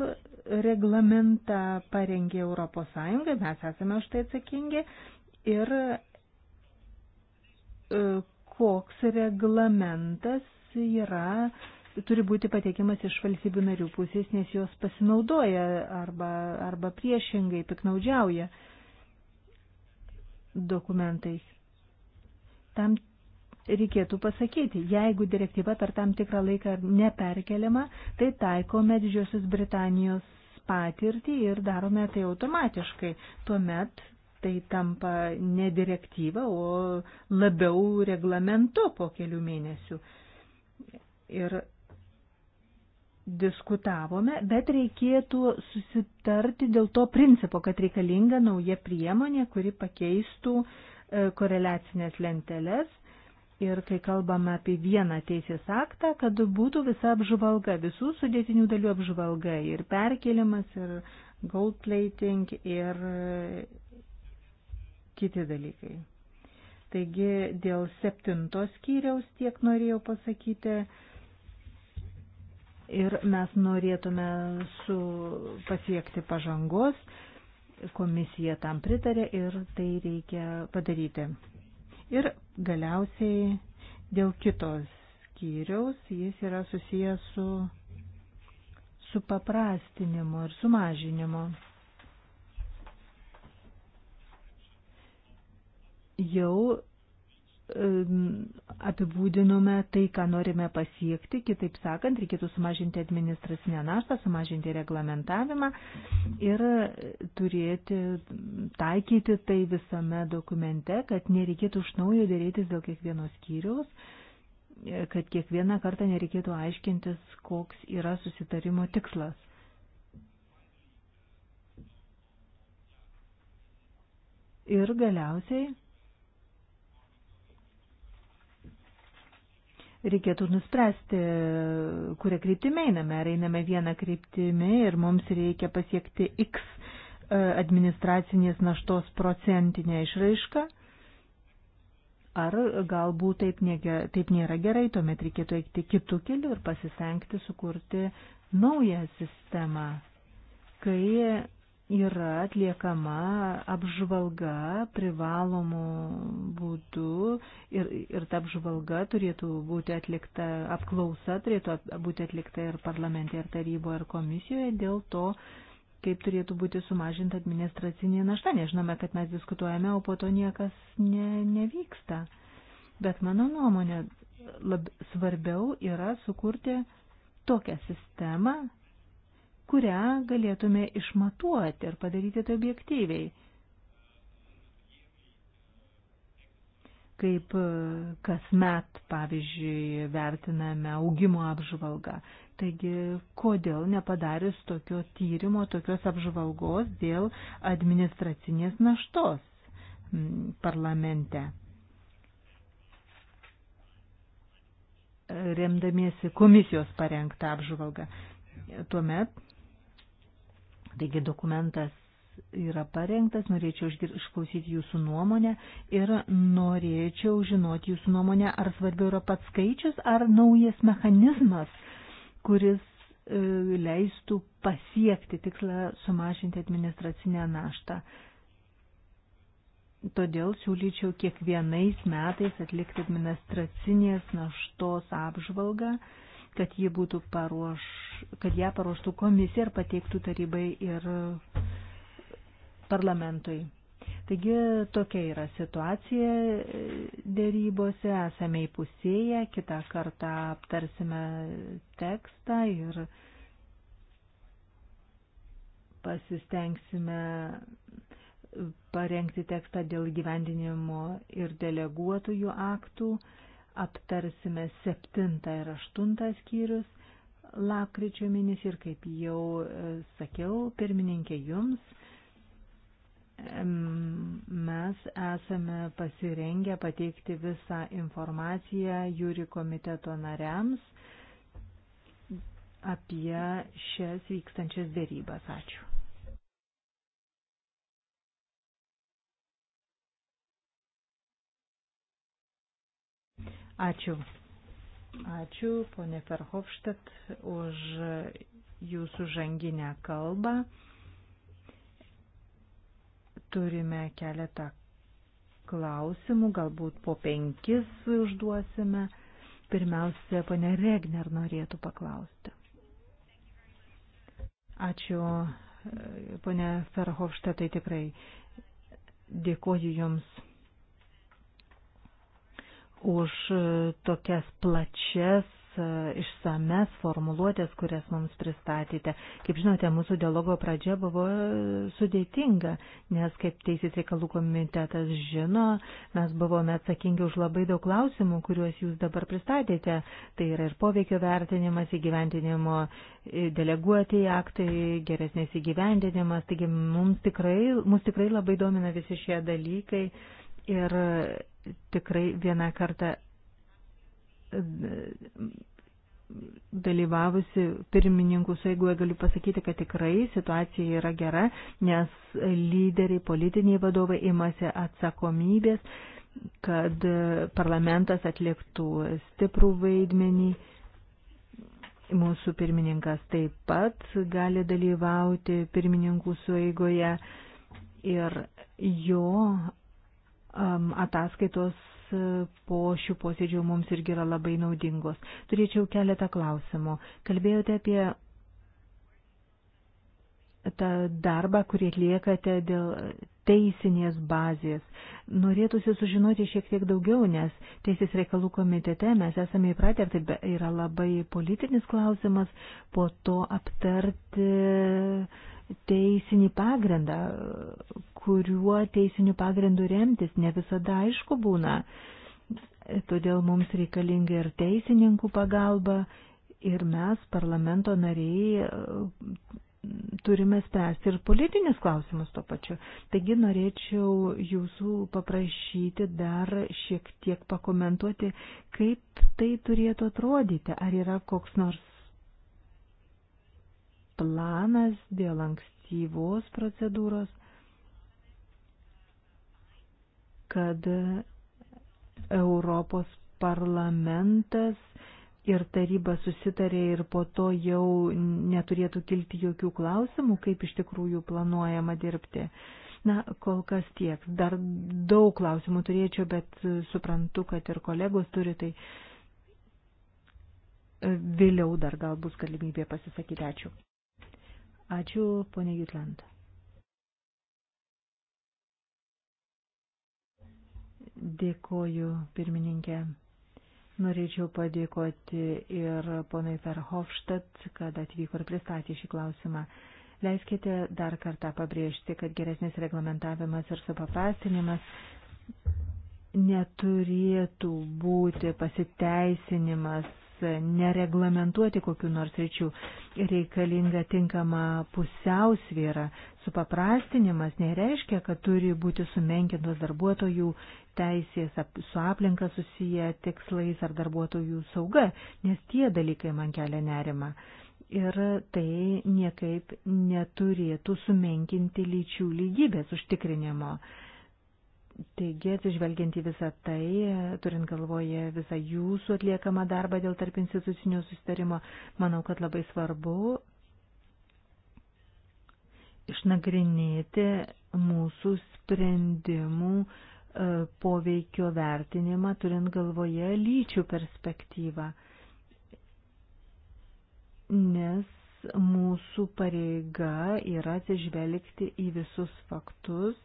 reglamentą parengė ES, mes esame už tai atsakingi ir e, koks reglamentas yra turi būti pateikiamas iš valstybių narių pusės, nes jos pasinaudoja arba, arba priešingai piknaudžiauja. Uh, dokumentais. Tam reikėtų pasakyti, jeigu direktyva per tam tikrą laiką neperkeliama, tai taikome Didžiosios Britanijos patirtį ir darome tai automatiškai. Tuomet tai tampa ne direktyva, o labiau reglamentu po kelių mėnesių. Ir diskutavome, bet reikėtų susitarti dėl to principo, kad reikalinga nauja priemonė, kuri pakeistų e, koreliacinės lenteles. Ir kai kalbame apie vieną teisės aktą, kad būtų visa apžvalga, visų sudėtinių dalių apžvalga ir perkelimas, ir gold plating, ir e, kiti dalykai. Taigi dėl septintos skyriaus tiek norėjau pasakyti ir mes norėtume su pasiekti pažangos, komisija tam pritarė ir tai reikia padaryti. Ir galiausiai dėl kitos skyriaus jis yra susijęs su, su paprastinimu ir sumažinimu. Jau apibūdinome tai, ką norime pasiekti, kitaip sakant, reikėtų sumažinti administracinę naštą, sumažinti reglamentavimą ir turėti, taikyti tai visame dokumente, kad nereikėtų iš naujo dėrėtis dėl kiekvienos skyriaus, kad kiekvieną kartą nereikėtų aiškintis, koks yra susitarimo tikslas. Ir galiausiai reikėtų nuspręsti, kurią kryptimį einame. Ar einame vieną kryptimį ir mums reikia pasiekti X e, administracinės naštos procentinę išraišką. Ar galbūt taip, nėra, taip nėra gerai, tuomet reikėtų eiti kitų kelių ir pasisengti sukurti naują sistemą, kai yra atliekama apžvalga privalomų būdų ir, ir ta apžvalga turėtų būti atlikta, apklausa turėtų būti atlikta ir parlamente, ir taryboje, ir komisijoje dėl to, kaip turėtų būti sumažinta administracinė našta. Nežinome, kad mes diskutuojame, o po to niekas ne, nevyksta. Bet mano nuomonė, lab, svarbiau yra sukurti tokią sistemą, kurią galėtume išmatuoti ir padaryti tai objektyviai. Kaip e, kasmet, pavyzdžiui, vertiname augimo apžvalgą. Taigi, kodėl nepadarius tokio tyrimo, tokios apžvalgos dėl administracinės naštos parlamente? Remdamiesi komisijos parengtą apžvalgą. Tuomet Taigi dokumentas yra parengtas, norėčiau išklausyti jūsų nuomonę ir norėčiau žinoti jūsų nuomonę, ar svarbiau yra pats skaičius, ar naujas mechanizmas, kuris e, leistų pasiekti tikslą sumažinti administracinę naštą. Todėl siūlyčiau kiekvienais metais atlikti administracinės naštos apžvalgą kad, būtų paruoš, kad ją paruoštų komisija ir pateiktų tarybai ir parlamentui. Taigi tokia yra situacija dėrybose, esame įpusėję, kitą kartą aptarsime tekstą ir pasistengsime parengti tekstą dėl gyvendinimo ir deleguotųjų aktų aptarsime septintą ir aštuntą skyrius lapkričio mėnesį ir kaip jau e, sakiau, pirmininkė jums, mes esame pasirengę pateikti visą informaciją jūri komiteto nariams apie šias vykstančias dėrybas. Ačiū. Ačiū. Ačiū, ponė Ferhofštat, už jūsų žanginę kalbą. Turime keletą klausimų, galbūt po penkis užduosime. Pirmiausia, ponė Regner norėtų paklausti. Ačiū, ponė Ferhofštatai, tikrai dėkoju Jums už e, tokias plačias e, išsames formuluotės, kurias mums pristatėte. Kaip žinote, mūsų dialogo pradžia buvo e, sudėtinga, nes kaip Teisės reikalų komitetas žino, mes buvome atsakingi už labai daug klausimų, kuriuos jūs dabar pristatėte. Tai yra ir poveikio vertinimas, įgyventinimo deleguoti aktai, geresnės įgyvendinimas. Taigi mums tikrai, mums tikrai labai domina visi šie dalykai. Ir tikrai vieną kartą e, dalyvavusi pirmininkų sueigoje galiu pasakyti, kad tikrai situacija yra gera, nes lyderiai, politiniai vadovai imasi atsakomybės, kad parlamentas atliktų stiprų vaidmenį. Mūsų pirmininkas taip pat gali dalyvauti pirmininkų sueigoje ir jo Ataskaitos e, po šių posėdžių mums irgi yra labai naudingos. Turėčiau keletą klausimų. Kalbėjote apie tą darbą, kurį atliekate dėl teisinės bazės. Norėtųsi sužinoti šiek tiek daugiau, nes Teisės reikalų komitete mes esame įpratę, ir tai yra labai politinis klausimas, po to aptarti teisinį pagrindą, kuriuo teisiniu pagrindu remtis ne visada aišku būna. Todėl mums reikalinga ir teisininkų pagalba, ir mes, parlamento nariai, turime spręsti ir politinius klausimus tuo pačiu. Taigi norėčiau jūsų paprašyti dar šiek tiek pakomentuoti, kaip tai turėtų atrodyti, ar yra koks nors planas dėl ankstyvos procedūros, kad Europos parlamentas ir taryba susitarė ir po to jau neturėtų kilti jokių klausimų, kaip iš tikrųjų planuojama dirbti. Na, kol kas tiek. Dar daug klausimų turėčiau, bet suprantu, kad ir kolegos turi, tai e, vėliau dar gal bus galimybė pasisakyti. Ačiū. Ačiū, ponė Jutland. Dėkoju, pirmininkė. Norėčiau padėkoti ir ponui Ferhofštat, kad atvyko ir pristatė šį klausimą. Leiskite dar kartą pabrėžti, kad geresnis reglamentavimas ir supaprastinimas neturėtų būti pasiteisinimas nereglamentuoti kokiu nors ryčių. Reikalinga tinkama pusiausvėra. Supaprastinimas nereiškia, kad turi būti sumenkintos darbuotojų teisės su aplinka susiję tikslais ar darbuotojų sauga, nes tie dalykai man kelia nerima. Ir tai niekaip neturėtų sumenkinti lyčių lygybės užtikrinimo. Taigi, atsižvelgiant į visą tai, turint galvoje visą jūsų atliekamą darbą dėl tarp institucinio sustarimo, manau, kad labai svarbu išnagrinėti mūsų sprendimų e, poveikio vertinimą, turint galvoje lyčių perspektyvą. Nes mūsų pareiga yra atsižvelgti į visus faktus,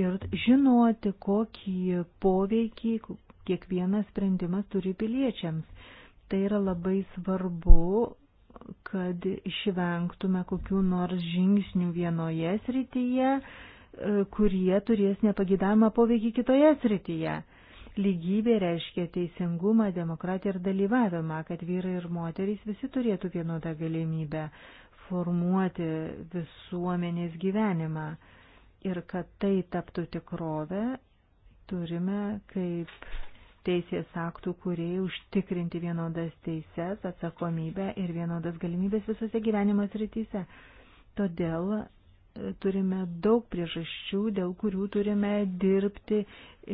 ir žinoti, kokį poveikį kiekvienas sprendimas turi piliečiams. Tai yra labai svarbu, kad išvengtume kokių nors žingsnių vienoje srityje, e, kurie turės nepagydamą poveikį kitoje srityje. Lygybė reiškia teisingumą, demokratiją ir dalyvavimą, kad vyrai ir moterys visi turėtų vienodą galimybę formuoti visuomenės gyvenimą ir kad tai taptų tikrovę, turime kaip teisės aktų kuriai užtikrinti vienodas teises, atsakomybę ir vienodas galimybės visose gyvenimo srityse. Todėl e, turime daug priežasčių, dėl kurių turime dirbti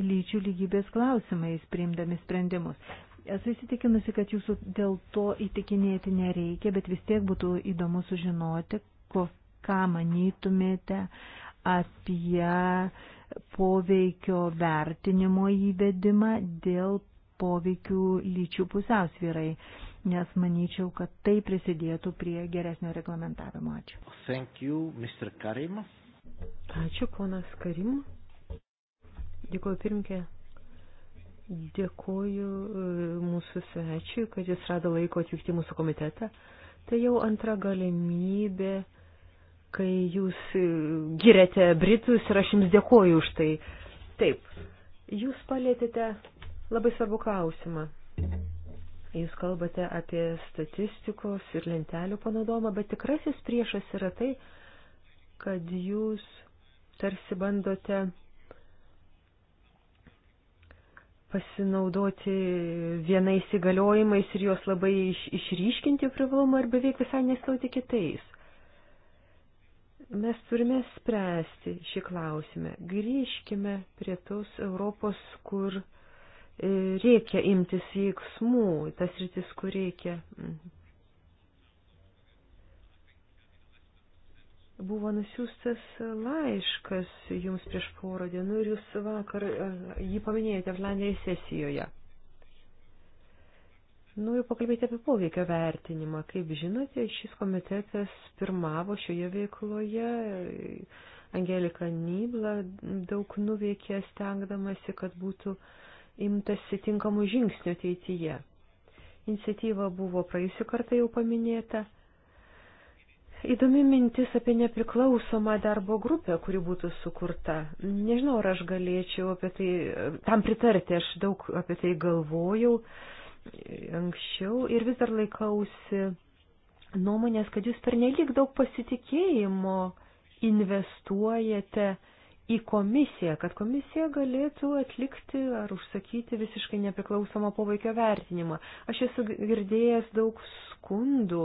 lyčių lygybės klausimais, priimdami sprendimus. Esu įsitikinusi, kad jūsų dėl to įtikinėti nereikia, bet vis tiek būtų įdomu sužinoti, ko, ką manytumėte apie poveikio vertinimo įvedimą dėl poveikių lyčių pusiausvyrai, nes manyčiau, kad tai prisidėtų prie geresnio reglamentavimo. Ačiū. Thank you, Mr. Karim. Ačiū, ponas Karim. Dėkuoju, pirmkė. Dėkuoju e, mūsų svečiui, kad jis rado laiko atvykti mūsų komitetą. Tai jau antra galimybė kai jūs e, girėte Britus ir aš jums dėkoju už tai. Taip, jūs palėtėte labai svarbu klausimą. Jūs kalbate apie statistikos ir lentelių panaudojimą, bet tikrasis priešas yra tai, kad jūs tarsi bandote pasinaudoti vienais įgaliojimais ir juos labai iš, išryškinti privalumą ir beveik visai nesauti kitais. Mes turime spręsti šį klausimą. Grįžkime prie tos Europos, kur e, reikia imtis veiksmų, tas rytis, kur reikia. Buvo nusiųstas laiškas jums prieš porą dienų ir jūs vakar e, jį paminėjote Flandrijos sesijoje. Noriu pakalbėti apie poveikio vertinimą. Kaip žinote, šis komitetas pirmavo šioje veikloje. Angelika Nybla daug nuveikė stengdamasi, kad būtų imtasi tinkamų žingsnių ateityje. Iniciatyva buvo praėjusiu kartą jau paminėta. Įdomi mintis apie nepriklausomą darbo grupę, kuri būtų sukurta. Nežinau, ar aš galėčiau apie tai, tam pritarti, aš daug apie tai galvojau anksčiau ir vis dar laikausi nuomonės, kad jūs per nelik daug pasitikėjimo investuojate į komisiją, kad komisija galėtų atlikti ar užsakyti visiškai nepriklausomą poveikio vertinimą. Aš esu girdėjęs daug skundų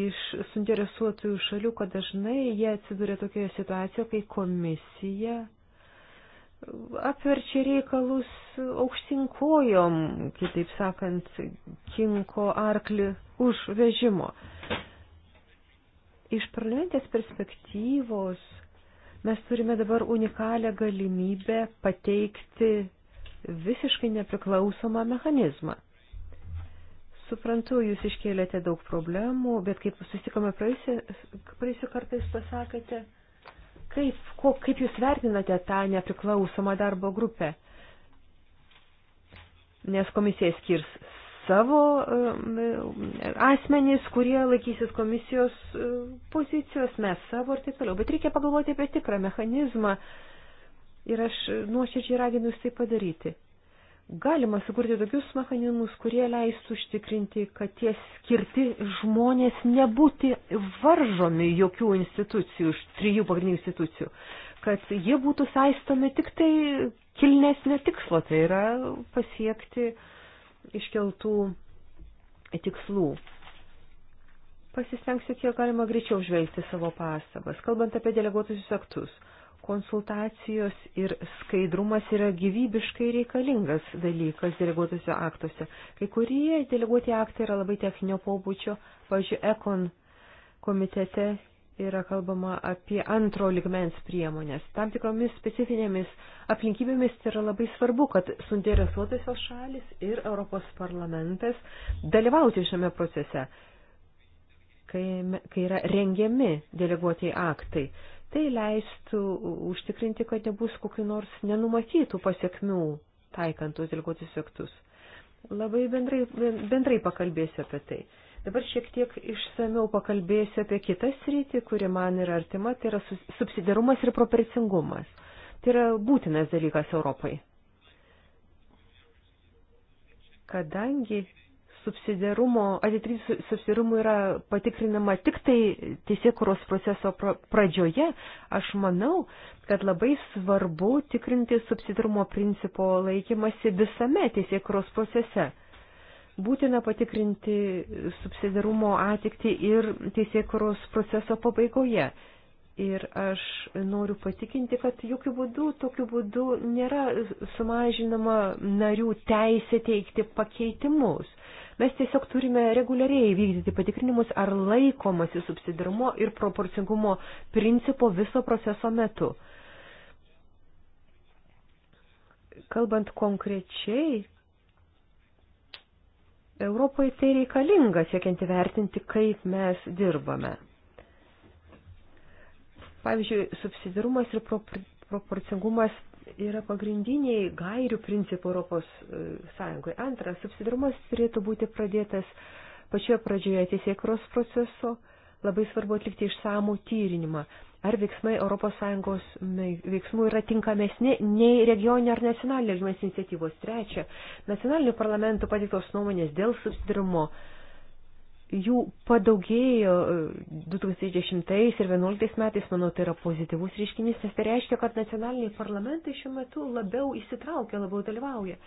iš suinteresuotųjų šalių, kad dažnai jie atsiduria tokioje situacijoje, kai komisija apverčia reikalus aukštinkojom, kitaip sakant, kinko arklį už vežimo. Iš parlamentės perspektyvos mes turime dabar unikalią galimybę pateikti visiškai nepriklausomą mechanizmą. Suprantu, jūs iškėlėte daug problemų, bet kaip susitikome praėjusiu kartą, jūs pasakėte, Kaip, ko, kaip jūs vertinate tą nepriklausomą darbo grupę? Nes komisija skirs savo um, asmenys, kurie laikysis komisijos um, pozicijos, mes savo ir taip toliau. Bet reikia pagalvoti apie tikrą mechanizmą ir aš nuoširdžiai raginu jūs tai padaryti galima sukurti tokius mechanizmus, kurie leistų užtikrinti, kad tie skirti žmonės nebūti varžomi jokių institucijų, iš trijų pagrindinių institucijų, kad jie būtų saistomi tik tai kilnesnio tikslo, tai yra pasiekti iškeltų tikslų. Pasistengsiu kiek galima greičiau žvelgti savo pastabas, kalbant apie deleguotusius aktus konsultacijos ir skaidrumas yra gyvybiškai reikalingas dalykas deleguotose aktuose. Kai kurie deleguoti aktai yra labai techninio pobūdžio. Pavyzdžiui, Ekon komitete yra kalbama apie antro ligmens priemonės. Tam tikromis specifinėmis aplinkybėmis tai yra labai svarbu, kad suinteresuotosios šalis ir Europos parlamentas dalyvauti šiame procese, kai, kai yra rengiami deleguotieji aktai. Tai leistų užtikrinti, kad nebus kokiu nors nenumatytų pasiekmių taikant tuos deleguotus aktus. Labai bendrai, bendrai pakalbėsiu apie tai. Dabar šiek tiek išsameu pakalbėsiu apie kitą sritį, kuri man yra artima, tai yra subsidiarumas ir proporcingumas. Tai yra būtinas dalykas Europai. Kadangi subsidiarumo, atitrys subsidiarumo yra patikrinama tik tai teisėkuros proceso pradžioje, aš manau, kad labai svarbu tikrinti subsidiarumo principo laikymasi visame teisėkuros procese. Būtina patikrinti subsidiarumo atikti ir teisėkuros proceso pabaigoje. Ir aš noriu patikinti, kad jokių būdų, tokiu būdu nėra sumažinama narių teisė teikti pakeitimus. Mes tiesiog turime reguliariai vykdyti patikrinimus, ar laikomasi subsidirmo ir proporcingumo principo viso proceso metu. Kalbant konkrečiai, Europoje tai reikalinga siekiant įvertinti, kaip mes dirbame. Pavyzdžiui, subsidirumas ir proporcingumas yra pagrindiniai gairių principų Europos e, Sąjungoje. Antras, subsidarumas turėtų būti pradėtas pačioje pradžioje tiesiekros proceso. Labai svarbu atlikti išsamų tyrinimą, ar veiksmai ES veiksmų yra tinkamesni nei regioninė ar nacionalinė lygmens iniciatyvos. Trečia, nacionalinių parlamentų patiktos nuomonės dėl subsidarumo jų padaugėjo 2010 e, ir 2011 metais, manau, tai yra pozityvus reiškinys, nes tai reiškia, kad nacionaliniai parlamentai šiuo metu labiau įsitraukia, labiau dalyvauja.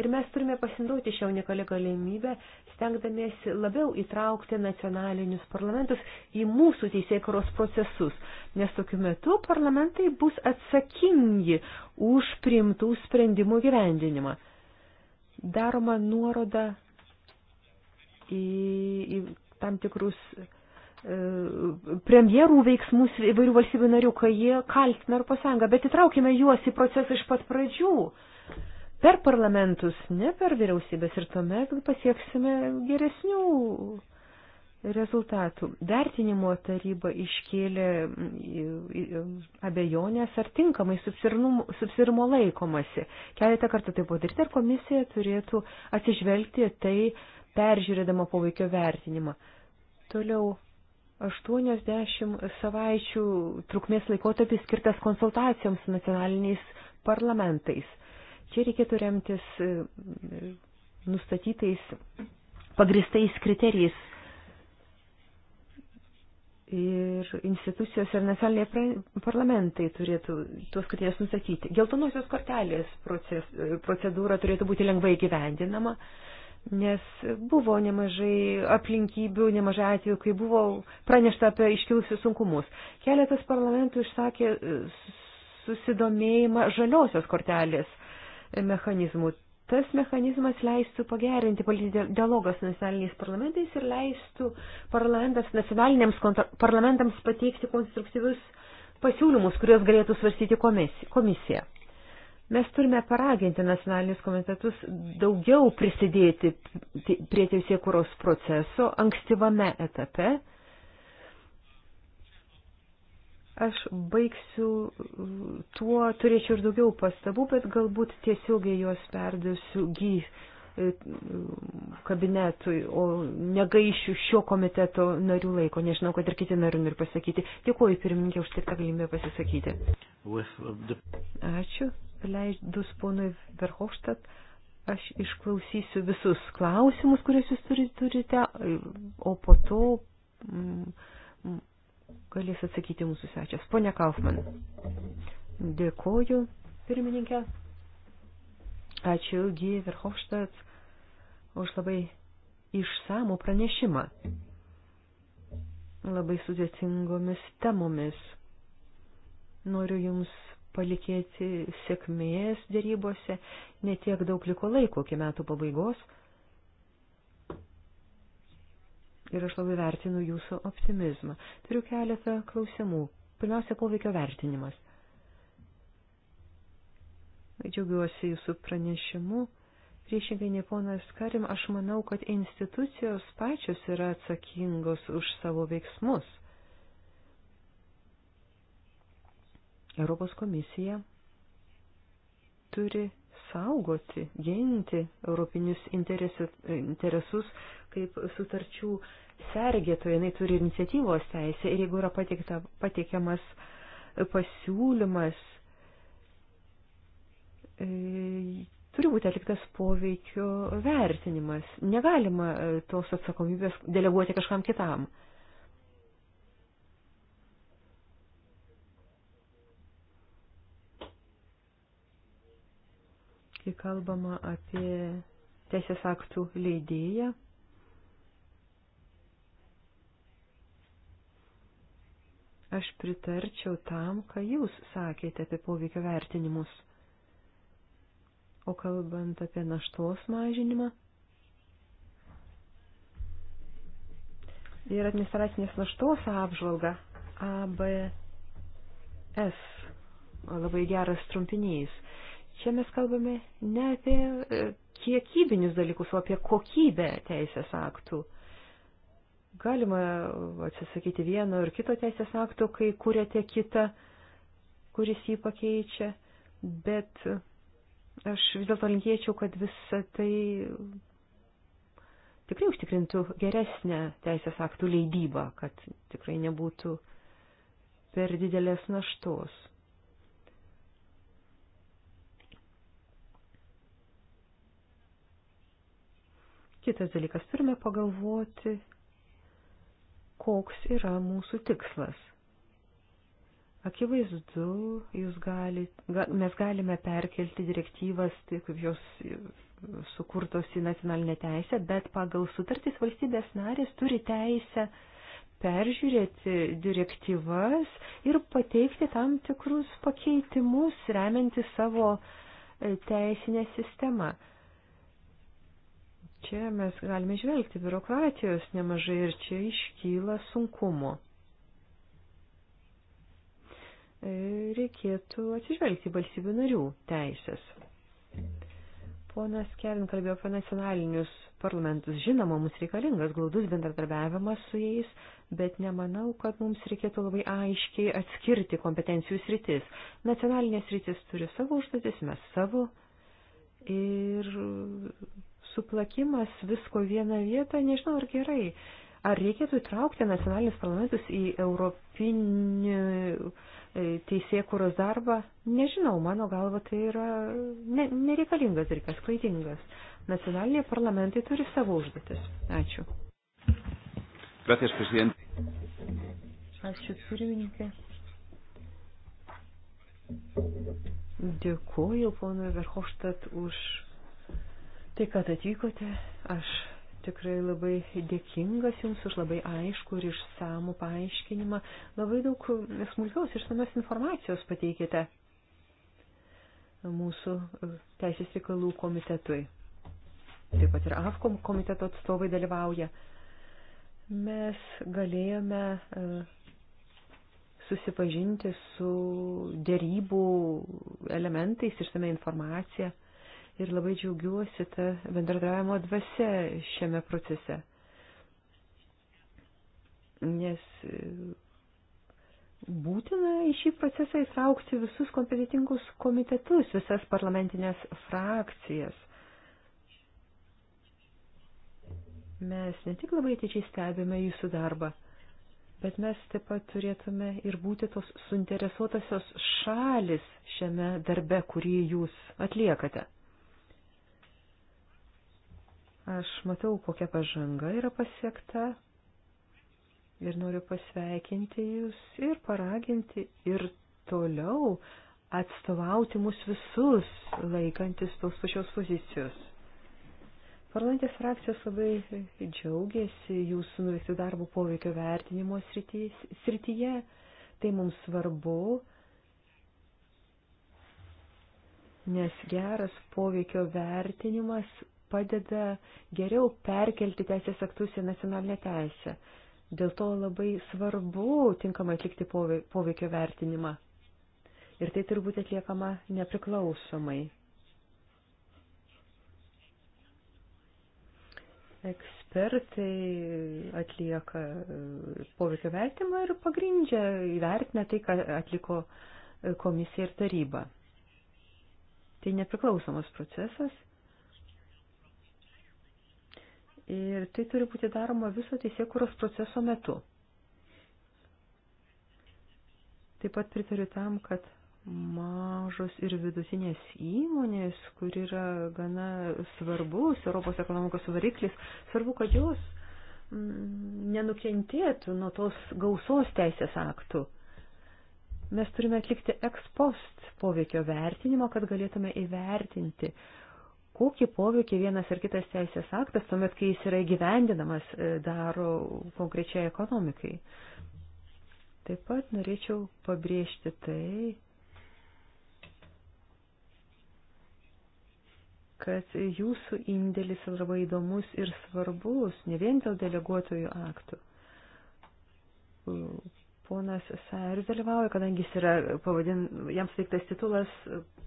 Ir mes turime pasinaudoti šią unikalią galimybę, stengdamiesi labiau įtraukti nacionalinius parlamentus į mūsų teisėkaros procesus, nes tokiu metu parlamentai bus atsakingi už priimtų sprendimų gyvendinimą. Daroma nuoroda į, į tam tikrus e, premjerų veiksmus įvairių valstybių narių, kai jie kaltina Europos Sąjungą, bet įtraukime juos į procesą iš pat pradžių. Per parlamentus, ne per vyriausybės ir tuomet pasieksime geresnių rezultatų. Vertinimo taryba iškėlė abejonės, ar tinkamai subsirimo laikomasi. Keletą kartų tai buvo daryti, ar komisija turėtų atsižvelgti tai, peržiūrėdama poveikio vertinimą. Toliau 80 savaičių trukmės laikotarpis skirtas konsultacijoms su nacionaliniais parlamentais. Čia reikėtų remtis e, nustatytais pagristais kriterijais. Ir institucijos ir nacionaliniai parlamentai turėtų tuos kriterijus nustatyti. Geltonosios kortelės proces, procedūra turėtų būti lengvai gyvendinama nes buvo nemažai aplinkybių, nemažai atvejų, kai buvo pranešta apie iškilusius sunkumus. Keletas parlamentų išsakė susidomėjimą žaliosios kortelės mechanizmų. Tas mechanizmas leistų pagerinti politinį dialogą su nacionaliniais parlamentais ir leistų nacionaliniams parlamentams pateikti konstruktyvius pasiūlymus, kuriuos galėtų svarstyti komisija. Mes turime paraginti nacionalinius komitetus daugiau prisidėti prie teisėkuros proceso ankstyvame etape. Aš baigsiu tuo, turėčiau ir daugiau pastabų, bet galbūt tiesiogiai juos perdusiu gy e, kabinetui, o negaišiu šio komiteto narių laiko. Nežinau, kad ir kiti narių nori pasakyti. Dėkuoju pirmininkė už skirtą galimybę pasisakyti. Ačiū leidus ponui Verhofstadt, aš išklausysiu visus klausimus, kuriuos jūs turite, o po to mm, galės atsakyti mūsų svečias. Pone Kaufman, dėkoju pirmininkė. Ačiū G. Verhofstadt už labai išsamų pranešimą labai sudėtingomis temomis. Noriu Jums palikėti sėkmės dėrybose, netiek daug liko laiko iki metų pabaigos. Ir aš labai vertinu jūsų optimizmą. Turiu keletą klausimų. Pirmiausia, poveikio vertinimas. Džiaugiuosi jūsų pranešimu. Priešingai ne ponas Karim, aš manau, kad institucijos pačios yra atsakingos už savo veiksmus. Europos komisija turi saugoti, ginti europinius interesus kaip sutarčių sergėtoje, jinai turi iniciatyvos teisę ir jeigu yra pateikta, pateikiamas pasiūlymas, e, turi būti atliktas poveikio vertinimas. Negalima e, tos atsakomybės deleguoti kažkam kitam. E, kai kalbama apie teisės aktų leidėją. Aš pritarčiau tam, ką jūs sakėte apie poveikio vertinimus. O kalbant apie naštos mažinimą ir administracinės naštos apžvalgą ABS, labai geras trumpinys Čia mes kalbame ne apie e, kiekybinius dalykus, o apie kokybę teisės aktų. Galima atsisakyti vieno ir kito teisės akto, kai kuriate kitą, kuris jį pakeičia, bet aš vis dėlto linkėčiau, kad visa tai tikrai užtikrintų geresnę teisės aktų leidybą, kad tikrai nebūtų per didelės naštos. Kitas dalykas, turime pagalvoti, koks yra mūsų tikslas. Akivaizdu, jūs gali, ga, mes galime perkelti direktyvas, taip kaip jos sukurtos į nacionalinę teisę, bet pagal sutartys valstybės narės turi teisę peržiūrėti direktyvas ir pateikti tam tikrus pakeitimus, remianti savo e, teisinę sistemą. Čia mes galime žvelgti biurokratijos nemažai ir čia iškyla sunkumo. Reikėtų atsižvelgti valstybių narių teisės. Ponas Kerin kalbėjo apie nacionalinius parlamentus. Žinoma, mums reikalingas glaudus bendradarbiavimas su jais, bet nemanau, kad mums reikėtų labai aiškiai atskirti kompetencijų sritis. Nacionalinės sritis turi savo užduotis, mes savo. Ir suplakimas visko vieną vietą, nežinau ar gerai. Ar reikėtų įtraukti nacionalinius parlamentus į europinį e, teisėkūros darbą? Nežinau, mano galva tai yra ne, nereikalingas dalykas, klaidingas. Nacionaliniai parlamentai turi savo užduotis. Ačiū. Gracias, presidente. Ačiū, pirmininkė. Dėkuoju ponui Verhofstadt už tai, kad atvykote. Aš tikrai labai dėkingas Jums už labai aišku ir išsamų paaiškinimą. Labai daug smulkiaus išsamios informacijos pateikėte mūsų Teisės reikalų komitetui. Taip pat ir AFKOM komiteto atstovai dalyvauja. Mes galėjome e, susipažinti su dėrybų elementais, išsame informacija ir labai džiaugiuosi tą bendradavimo dvasę šiame procese. Nes e, būtina į šį procesą įtraukti visus kompetitingus komitetus, visas parlamentinės frakcijas. Mes ne tik labai atidžiai stebime jūsų darbą, bet mes taip pat turėtume ir būti tos suinteresuotasios šalis šiame darbe, kurį jūs atliekate. Aš matau, kokia pažanga yra pasiekta ir noriu pasveikinti jūs ir paraginti ir toliau atstovauti mus visus, laikantis tos pačios pozicijos. Parlamentės frakcijos labai džiaugiasi jūsų nuveiktų darbų poveikio vertinimo srityje. Tai mums svarbu, nes geras poveikio vertinimas padeda geriau perkelti teisės aktus į nacionalinę teisę. Dėl to labai svarbu tinkamai atlikti poveikio vertinimą. Ir tai turi būti atliekama nepriklausomai. Ekspertai atlieka e, poveikio vertimą ir pagrindžia įvertinę tai, ką atliko e, komisija ir taryba. Tai nepriklausomas procesas Ir tai turi būti daroma viso teisėkuros proceso metu. Taip pat pritariu tam, kad mažos ir vidutinės įmonės, kur yra gana svarbus Europos ekonomikos variklis, svarbu, kad jos mm, nenukentėtų nuo tos gausos teisės aktų. Mes turime atlikti ekspost poveikio vertinimo, kad galėtume įvertinti uh, kokį poveikį vienas ar kitas teisės aktas, tuomet, kai jis yra įgyvendinamas, e, daro konkrečiai ekonomikai. Taip pat norėčiau pabrėžti tai, kad jūsų indėlis labai įdomus ir svarbus, ne vien dėl deleguotojų aktų, ponas Sairis dalyvauja, kadangi jis yra, pavadin, jam suteiktas titulas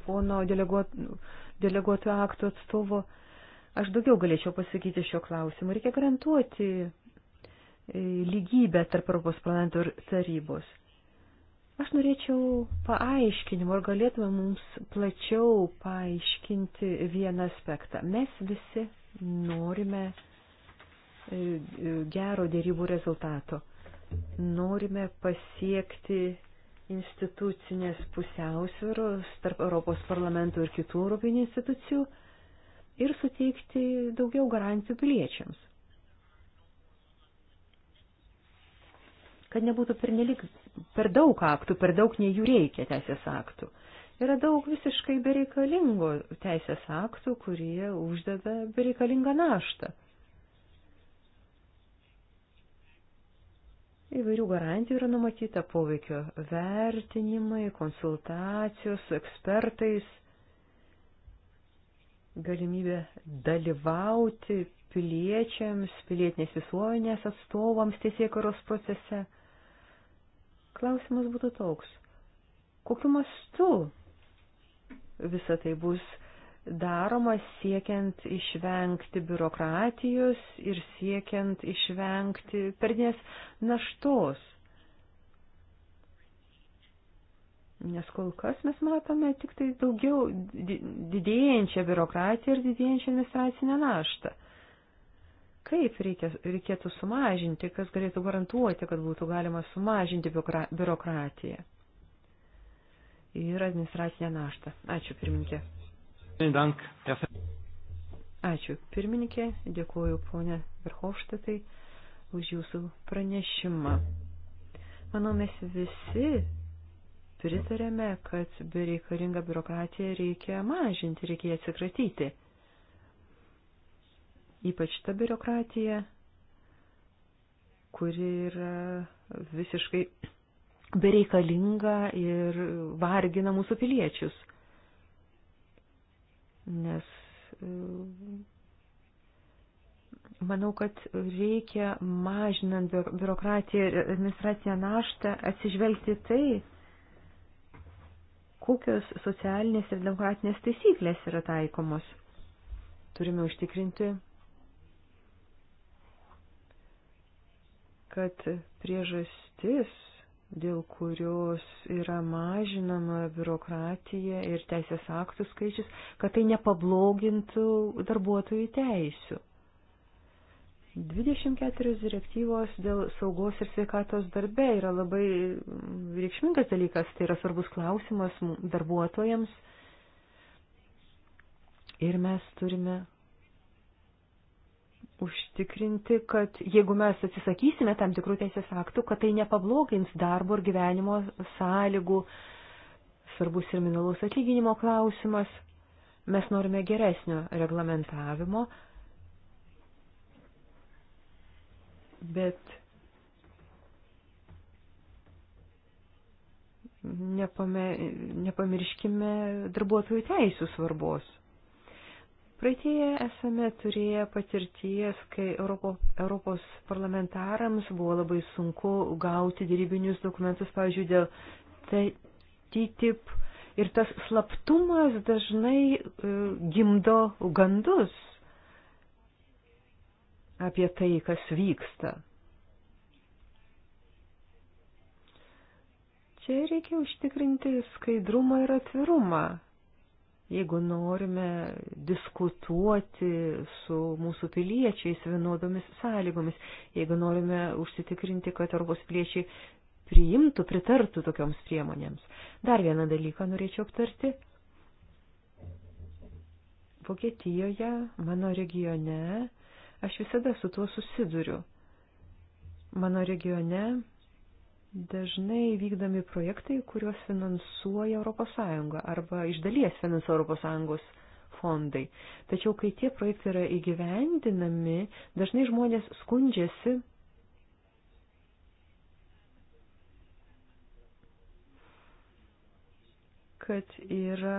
pono deleguot, deleguotų aktų atstovo. Aš daugiau galėčiau pasakyti šio klausimu. Reikia garantuoti e, lygybę tarp Europos parlamento ir tarybos. Aš norėčiau paaiškinimo, ar galėtume mums plačiau paaiškinti vieną aspektą. Mes visi norime e, e, gero dėrybų rezultato. Norime pasiekti institucinės pusiausvėros tarp Europos parlamento ir kitų europinių institucijų ir suteikti daugiau garantijų piliečiams. Kad nebūtų pernelik per daug aktų, per daug nei jų reikia teisės aktų. Yra daug visiškai bereikalingo teisės aktų, kurie uždeda bereikalingą naštą. Įvairių garantijų yra numatyta poveikio vertinimai, konsultacijos su ekspertais, galimybė dalyvauti piliečiams, pilietinės visuomenės atstovams tiesiekaros procese. Klausimas būtų toks. Kokiu mastu visa tai bus daroma siekiant išvengti biurokratijos ir siekiant išvengti pernės naštos. Nes kol kas mes matome tik tai daugiau didėjančią biurokratiją ir didėjančią administracinę naštą. Kaip reikia, reikėtų sumažinti, kas galėtų garantuoti, kad būtų galima sumažinti biurokratiją ir administracinę naštą. Ačiū pirminkė. Ačiū pirmininkė, dėkuoju ponė Verhofštatai už jūsų pranešimą. Manau, mes visi pritarėme, kad bereikalingą biurokratiją reikia mažinti, reikia atsikratyti. Ypač ta biurokratija, kuri yra visiškai bereikalinga ir vargina mūsų piliečius nes e, manau, kad reikia mažinant biurokratiją ir administracinę naštą atsižvelgti tai, kokios socialinės ir demokratinės taisyklės yra taikomos. Turime užtikrinti, kad priežastis dėl kurios yra mažinama biurokratija ir teisės aktų skaičius, kad tai nepablogintų darbuotojų teisių. 24 direktyvos dėl saugos ir sveikatos darbe yra labai reikšmingas dalykas, tai yra svarbus klausimas darbuotojams ir mes turime užtikrinti, kad jeigu mes atsisakysime tam tikrų teisės aktų, kad tai nepablogins darbo ir gyvenimo sąlygų. Svarbus ir minalus atlyginimo klausimas. Mes norime geresnio reglamentavimo, bet nepame, nepamirškime darbuotojų teisų svarbos. Praeitėje esame turėję patirties, kai Europo, Europos parlamentarams buvo labai sunku gauti dėrybinius dokumentus, pavyzdžiui, dėl TTIP. Ir tas slaptumas dažnai e, gimdo gandus apie tai, kas vyksta. Čia reikia užtikrinti skaidrumą ir atvirumą jeigu norime diskutuoti su mūsų piliečiais vienodomis sąlygomis, jeigu norime užsitikrinti, kad Europos piliečiai priimtų, pritartų tokioms priemonėms. Dar vieną dalyką norėčiau aptarti. Vokietijoje, mano regione, aš visada su tuo susiduriu. Mano regione dažnai vykdami projektai, kuriuos finansuoja ES arba iš dalies finansuoja ES fondai. Tačiau, kai tie projektai yra įgyvendinami, dažnai žmonės skundžiasi, kad yra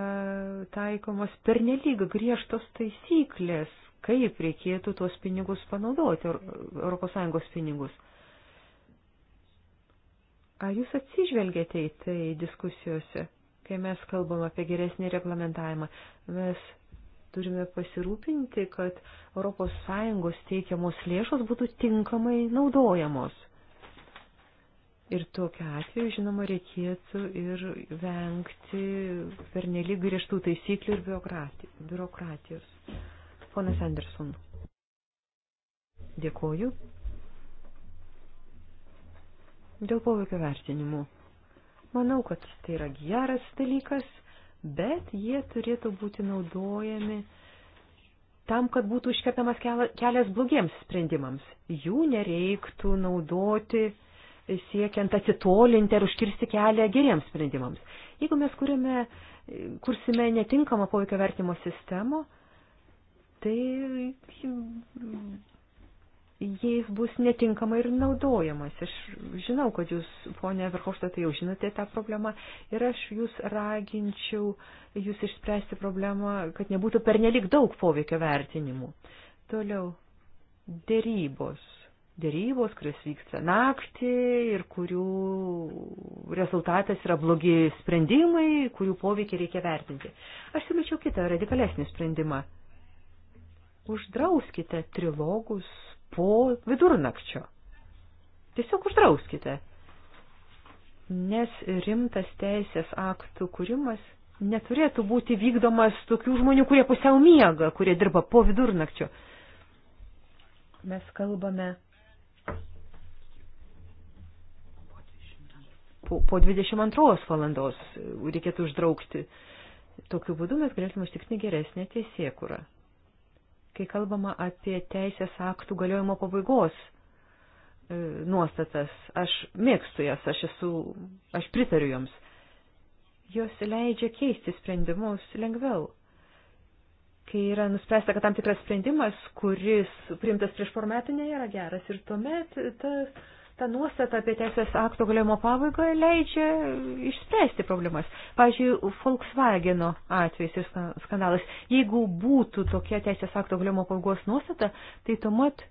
taikomos pernelyg griežtos taisyklės, kaip reikėtų tuos pinigus panaudoti, ES pinigus. Ar jūs atsižvelgėte į tai diskusijose, kai mes kalbam apie geresnį reglamentavimą? Mes turime pasirūpinti, kad ES teikiamos lėšos būtų tinkamai naudojamos. Ir tokiu atveju, žinoma, reikėtų ir vengti pernelyg griežtų taisyklių ir biurokratijos. Ponas Anderson. Dėkuoju dėl poveikio vertinimų. Manau, kad tai yra geras dalykas, bet jie turėtų būti naudojami tam, kad būtų iškertamas kelias blogiems sprendimams. Jų nereiktų naudoti siekiant atitolinti ar užkirsti kelią geriems sprendimams. Jeigu mes kuriame, kursime netinkamą poveikio vertimo sistemą, tai jais bus netinkamai ir naudojamas. Aš žinau, kad jūs, ponė Verhoštą, tai jau žinote tą problemą ir aš jūs raginčiau jūs išspręsti problemą, kad nebūtų pernelik daug poveikio vertinimų. Toliau, dėrybos. Dėrybos, kurios vyksta naktį ir kurių rezultatas yra blogi sprendimai, kurių poveikį reikia vertinti. Aš siūlyčiau kitą radikalesnį sprendimą. Uždrauskite trilogus po vidurnakčio. Tiesiog uždrauskite. Nes rimtas teisės aktų kūrimas neturėtų būti vykdomas tokių žmonių, kurie pusiau miega, kurie dirba po vidurnakčio. Mes kalbame po, po 22 valandos reikėtų uždraukti. Tokiu būdu mes galėtume užtikrinti geresnę teisėkurą kai kalbama apie teisės aktų galiojimo pabaigos e, nuostatas, aš mėgstu jas, aš esu, aš pritariu joms. Jos leidžia keisti sprendimus lengviau. Kai yra nuspręsta, kad tam tikras sprendimas, kuris priimtas prieš porą metų, nėra geras ir tuomet tas ta nuostata apie teisės akto galiojimo pabaigą leidžia išspręsti problemas. Pavyzdžiui, Volkswageno atvejs ir skandalas. Jeigu būtų tokia teisės akto galiojimo pabaigos nuostata, tai tuomet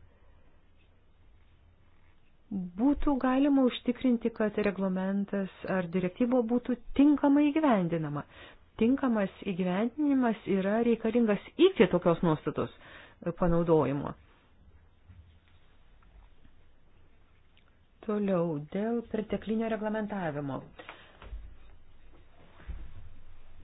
būtų galima užtikrinti, kad reglamentas ar direktyva būtų tinkamai įgyvendinama. Tinkamas įgyvendinimas yra reikalingas iki tokios nuostatos panaudojimo. Toliau, dėl perteklinio reglamentavimo.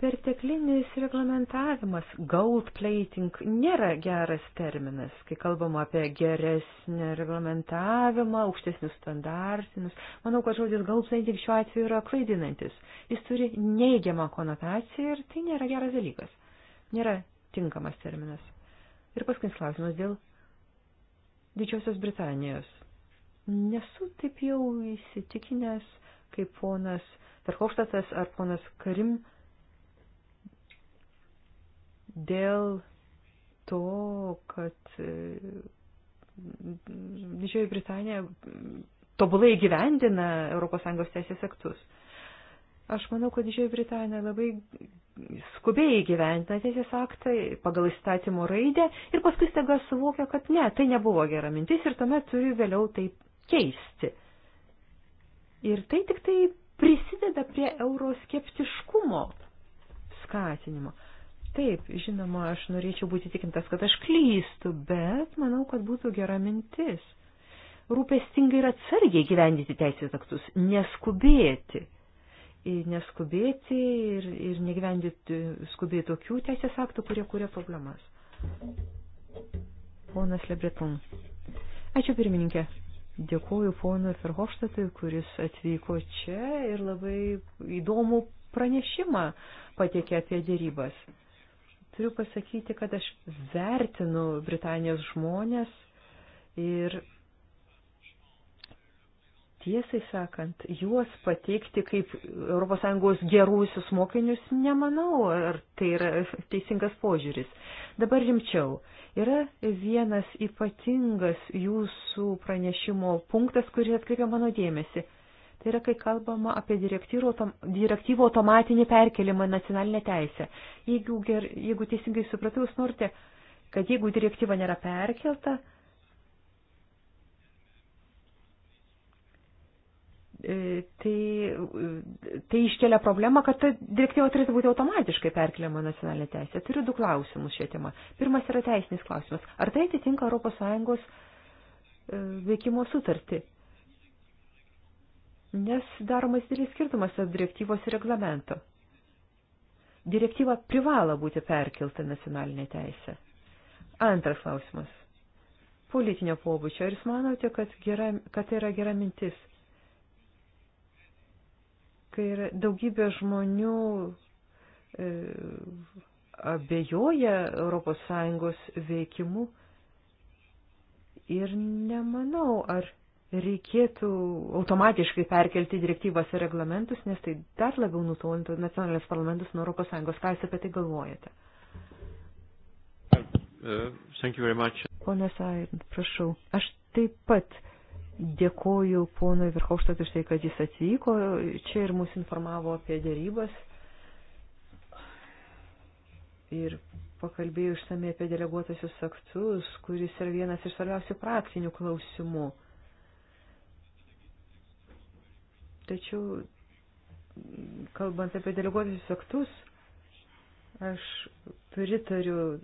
Perteklinis reglamentavimas, gold plating, nėra geras terminas, kai kalbam apie geresnį reglamentavimą, aukštesnius standartinius. Manau, kad žodis gold plating šiuo atveju yra klaidinantis. Jis turi neigiamą konotaciją ir tai nėra geras dalykas. Nėra tinkamas terminas. Ir paskutinis klausimas dėl Didžiosios Britanijos nesu taip jau įsitikinęs, kaip ponas Verhofštatas ar ponas Karim dėl to, kad e, Didžioji Britanija tobulai gyvendina ES teisės aktus. Aš manau, kad Didžioji Britanija labai skubiai gyvendina teisės aktą pagal įstatymo raidę ir paskui staiga suvokia, kad ne, tai nebuvo gera mintis ir tuomet turi vėliau taip keisti. Ir tai tik tai prisideda prie euroskeptiškumo skatinimo. Taip, žinoma, aš norėčiau būti tikintas, kad aš klystu, bet manau, kad būtų gera mintis. Rūpestingai ir atsargiai gyvendyti teisės aktus, neskubėti. Ir neskubėti ir, ir negyvendyti skubiai tokių teisės aktų, kurie kuria problemas. Ponas Lebreton. Ačiū pirmininkė. Dėkuoju ponui Ferhofštatui, kuris atvyko čia ir labai įdomų pranešimą patiekė apie dėrybas. Turiu pasakyti, kad aš vertinu Britanijos žmonės ir tiesai sakant, juos pateikti kaip ES gerusius mokinius, nemanau, ar tai yra teisingas požiūris. Dabar rimčiau. Yra vienas ypatingas jūsų pranešimo punktas, kuris atkreipia mano dėmesį. Tai yra, kai kalbama apie direktyvų automatinį perkelimą nacionalinę teisę. Jeigu, ger, jeigu teisingai supratau, jūs norite, kad jeigu direktyva nėra perkelta, E, tai, e, tai iškelia problemą, kad ta direktyva turėtų būti automatiškai perkeliama nacionalinė teisė. Turiu du klausimus šią temą. Pirmas yra teisinis klausimas. Ar tai atitinka ES e, veikimo sutartį? Nes daromas didelis skirtumas tarp direktyvos ir reglamento. Direktyva privalo būti perkelta nacionalinė teisė. Antras klausimas. Politinio pobūdžio. Ar jūs manote, kad, gera, kad tai yra gera mintis? kai yra daugybė žmonių e, abejoja ES veikimu ir nemanau, ar reikėtų automatiškai perkelti direktyvas ir reglamentus, nes tai dar labiau nutolintų nacionalinės parlamentus nuo ES. Ką jūs apie tai galvojate? Uh, Pone Sain, prašau, aš taip pat uh, Dėkoju ponui Virkaustat už tai, kad jis atvyko čia ir mus informavo apie dėrybas. Ir pakalbėjau išsamei apie deleguotasius aktus, kuris yra vienas iš svarbiausių praktinių klausimų. Tačiau, kalbant apie deleguotasius aktus, aš pritariu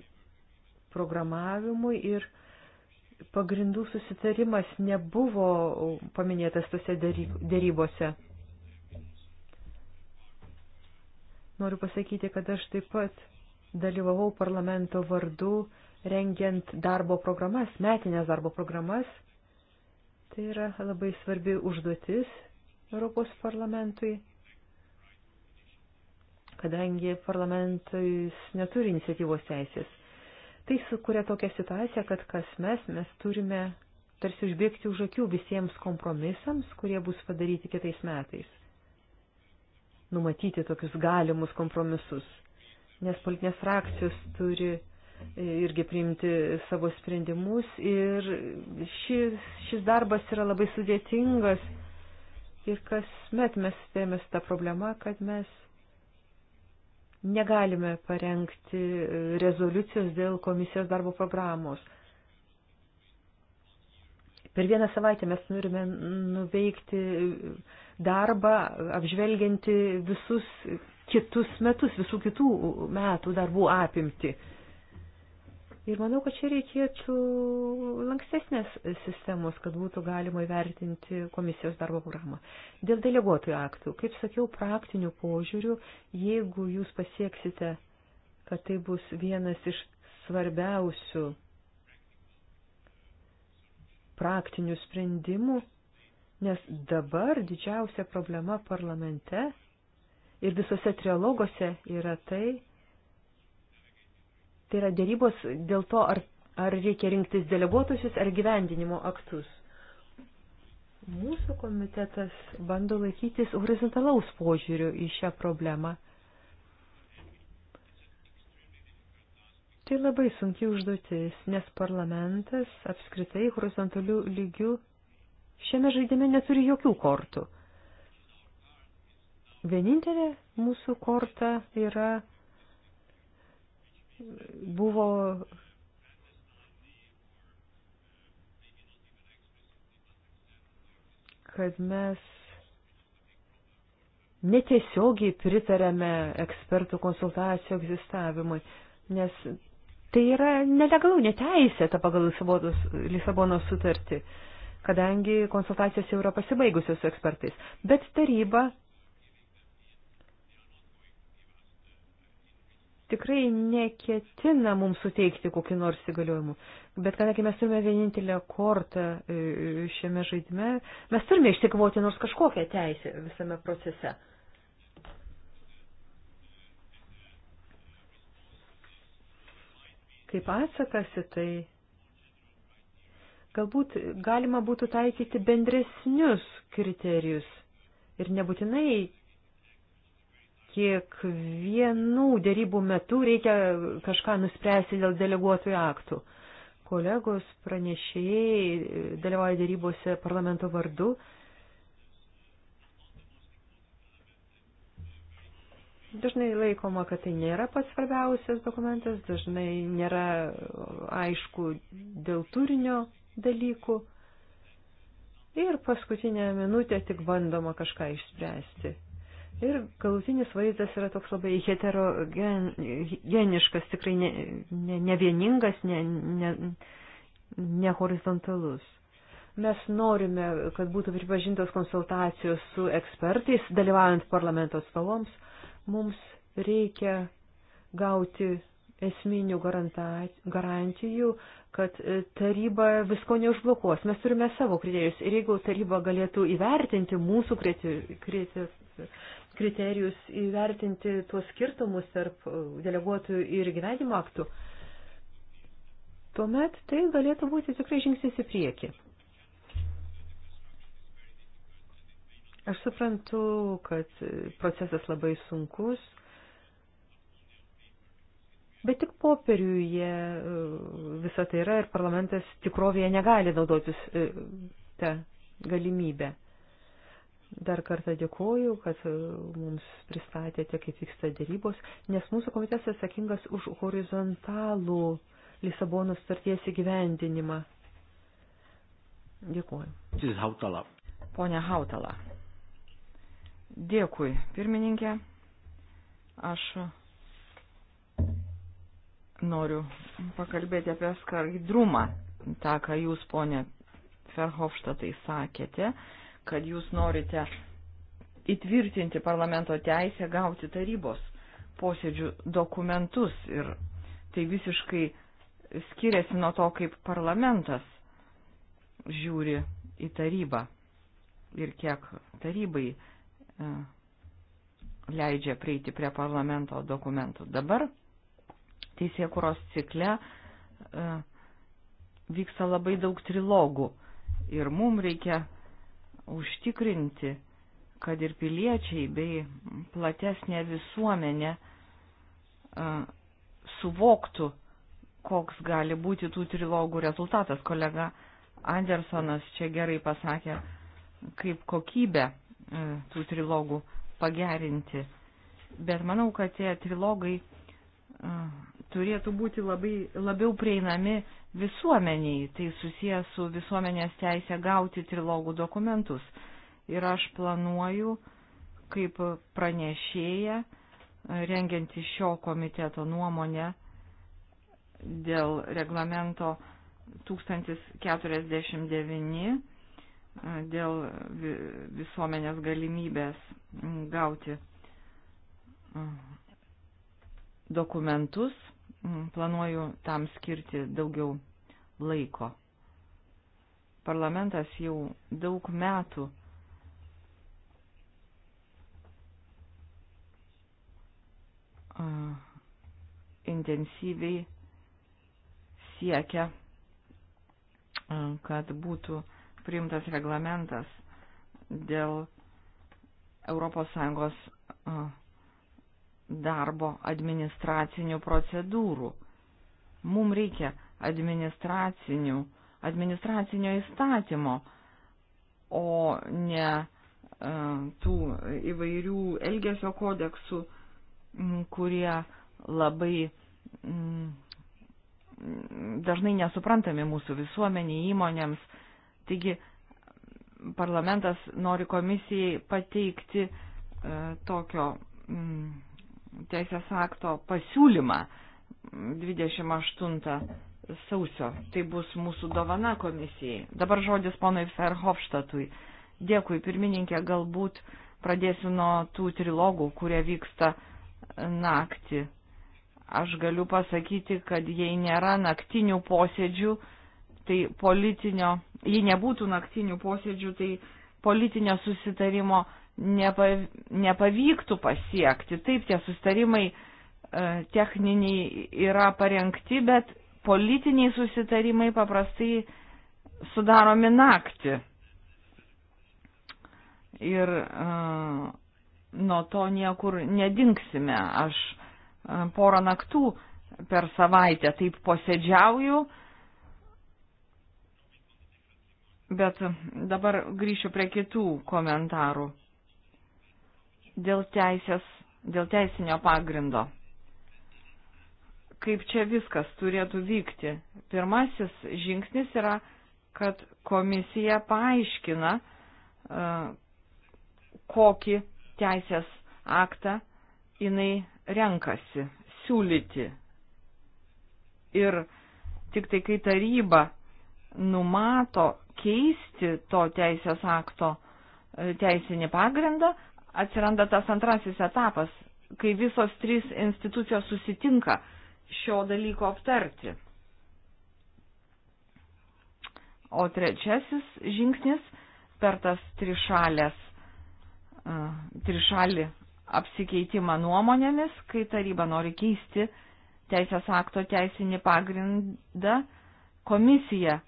programavimui ir pagrindų susitarimas nebuvo paminėtas tose dėrybose. Noriu pasakyti, kad aš taip pat dalyvavau parlamento vardu rengiant darbo programas, metinės darbo programas. Tai yra labai svarbi užduotis Europos parlamentui, kadangi parlamentais neturi iniciatyvos teisės. Tai sukuria tokią situaciją, kad kas mes, mes turime tarsi užbėgti už akių visiems kompromisams, kurie bus padaryti kitais metais. Numatyti tokius galimus kompromisus, nes politinės frakcijos turi e, irgi priimti savo sprendimus ir šis, šis darbas yra labai sudėtingas ir kasmet mes stėmės tą problemą, kad mes negalime parengti e, rezoliucijos dėl komisijos darbo programos. Per vieną savaitę mes norime nuveikti darbą, apžvelgianti visus kitus metus, visų kitų metų darbų apimti. Ir manau, kad čia reikėtų lankstesnės sistemos, kad būtų galima įvertinti komisijos darbo programą. Dėl deleguotojų aktų, kaip sakiau, praktinių požiūrių, jeigu jūs pasieksite, kad tai bus vienas iš svarbiausių praktinių sprendimų, nes dabar didžiausia problema parlamente ir visose trialogose yra tai, Tai yra dėrybos dėl to, ar, ar reikia rinktis deleguotusius ar gyvendinimo aktus. Mūsų komitetas bando laikytis horizontalaus požiūrių į šią problemą. Tai labai sunki užduotis, nes parlamentas apskritai horizontalių lygių šiame žaidime neturi jokių kortų. Vienintelė mūsų korta yra buvo kad mes netiesiogiai pritarėme ekspertų konsultacijų egzistavimui, nes tai yra nelegalų neteisėta pagal Lisabono sutartį, kadangi konsultacijos jau yra pasibaigusios su ekspertais. Bet taryba tikrai neketina mums suteikti kokį nors įgaliojimų. Bet kadangi mes turime vienintelę kortą e, šiame žaidime, mes turime išsikvoti nors kažkokią teisę visame procese. Kaip atsakas į tai, galbūt galima būtų taikyti bendresnius kriterijus ir nebūtinai kiekvienų dėrybų metu reikia kažką nuspręsti dėl deleguotojų aktų. Kolegos pranešėjai dalyvauja dėrybose parlamento vardu. Dažnai laikoma, kad tai nėra pats svarbiausias dokumentas, dažnai nėra aišku dėl turinio dalykų ir paskutinę minutę tik bandoma kažką išspręsti. Ir galutinis vaizdas yra toks labai heterogeniškas, tikrai nevieningas, ne, ne, ne, ne horizontalus. Mes norime, kad būtų pripažintos konsultacijos su ekspertais, dalyvaujant parlamento atstovams. Mums reikia gauti esminių garantijų, kad e, taryba visko neužblokuos. Mes turime savo kriterijus ir jeigu taryba galėtų įvertinti mūsų kriterijus, kriterijus įvertinti tuos skirtumus tarp e, deleguotų ir gyvenimo aktų, tuomet tai galėtų būti tikrai žingsnis į priekį. Aš suprantu, kad procesas labai sunkus, bet tik popieriuje e, visą tai yra ir parlamentas tikrovėje negali naudotis e, tą galimybę. Dar kartą dėkoju, kad e, mums pristatėte, kaip vyksta dėrybos, nes mūsų komitetas atsakingas už horizontalų Lisabono starties įgyvendinimą. Dėkuoju. Hautala. Pone Hautala. Dėkui, pirmininkė. Aš noriu pakalbėti apie skaidrumą, tą, ką jūs, ponė Ferhofštatai, sakėte kad jūs norite įtvirtinti parlamento teisę gauti tarybos posėdžių dokumentus ir tai visiškai skiriasi nuo to, kaip parlamentas žiūri į tarybą ir kiek tarybai e, leidžia prieiti prie parlamento dokumentų. Dabar teisėkuros cikle e, vyksta labai daug trilogų ir mums reikia užtikrinti, kad ir piliečiai bei platesnė visuomenė suvoktų, koks gali būti tų trilogų rezultatas. Kolega Andersonas čia gerai pasakė, kaip kokybę tų trilogų pagerinti. Bet manau, kad tie trilogai turėtų būti labai, labiau prieinami visuomeniai. Tai susijęs su visuomenės teisė gauti trilogų dokumentus. Ir aš planuoju, kaip pranešėja, rengianti šio komiteto nuomonę dėl reglamento 1049 dėl visuomenės galimybės gauti dokumentus Mm, planuoju tam skirti daugiau laiko. Parlamentas jau daug metų intensyviai siekia, kad būtų priimtas reglamentas dėl ES darbo administracinių procedūrų. Mums reikia administracinių, administracinio įstatymo, o ne e, tų įvairių elgesio kodeksų, m, kurie labai m, dažnai nesuprantami mūsų visuomenį įmonėms. Taigi parlamentas nori komisijai pateikti e, tokio m, teisės akto pasiūlymą 28 sausio. Tai bus mūsų dovana komisijai. Dabar žodis ponui Ferhofštatui. Dėkui, pirmininkė, galbūt pradėsiu nuo tų trilogų, kurie vyksta naktį. Aš galiu pasakyti, kad jei nėra naktinių posėdžių, tai politinio, jei nebūtų naktinių posėdžių, tai politinio susitarimo nepavyktų pasiekti. Taip, tie sustarimai e, techniniai yra parengti, bet politiniai susitarimai paprastai sudaromi naktį. Ir uh, nuo to niekur nedinksime. Aš uh, porą naktų per savaitę taip posėdžiauju, bet dabar grįšiu prie kitų komentarų dėl teisės, dėl teisinio pagrindo. Kaip čia viskas turėtų vykti? Pirmasis žingsnis yra, kad komisija paaiškina, e, kokį teisės aktą jinai renkasi siūlyti. Ir tik tai kai taryba numato keisti to teisės akto e, teisinį pagrindą, atsiranda tas antrasis etapas, kai visos trys institucijos susitinka šio dalyko aptarti. O trečiasis žingsnis per tas trišalės, trišalį apsikeitimą nuomonėmis, kai taryba nori keisti teisės akto teisinį pagrindą, komisija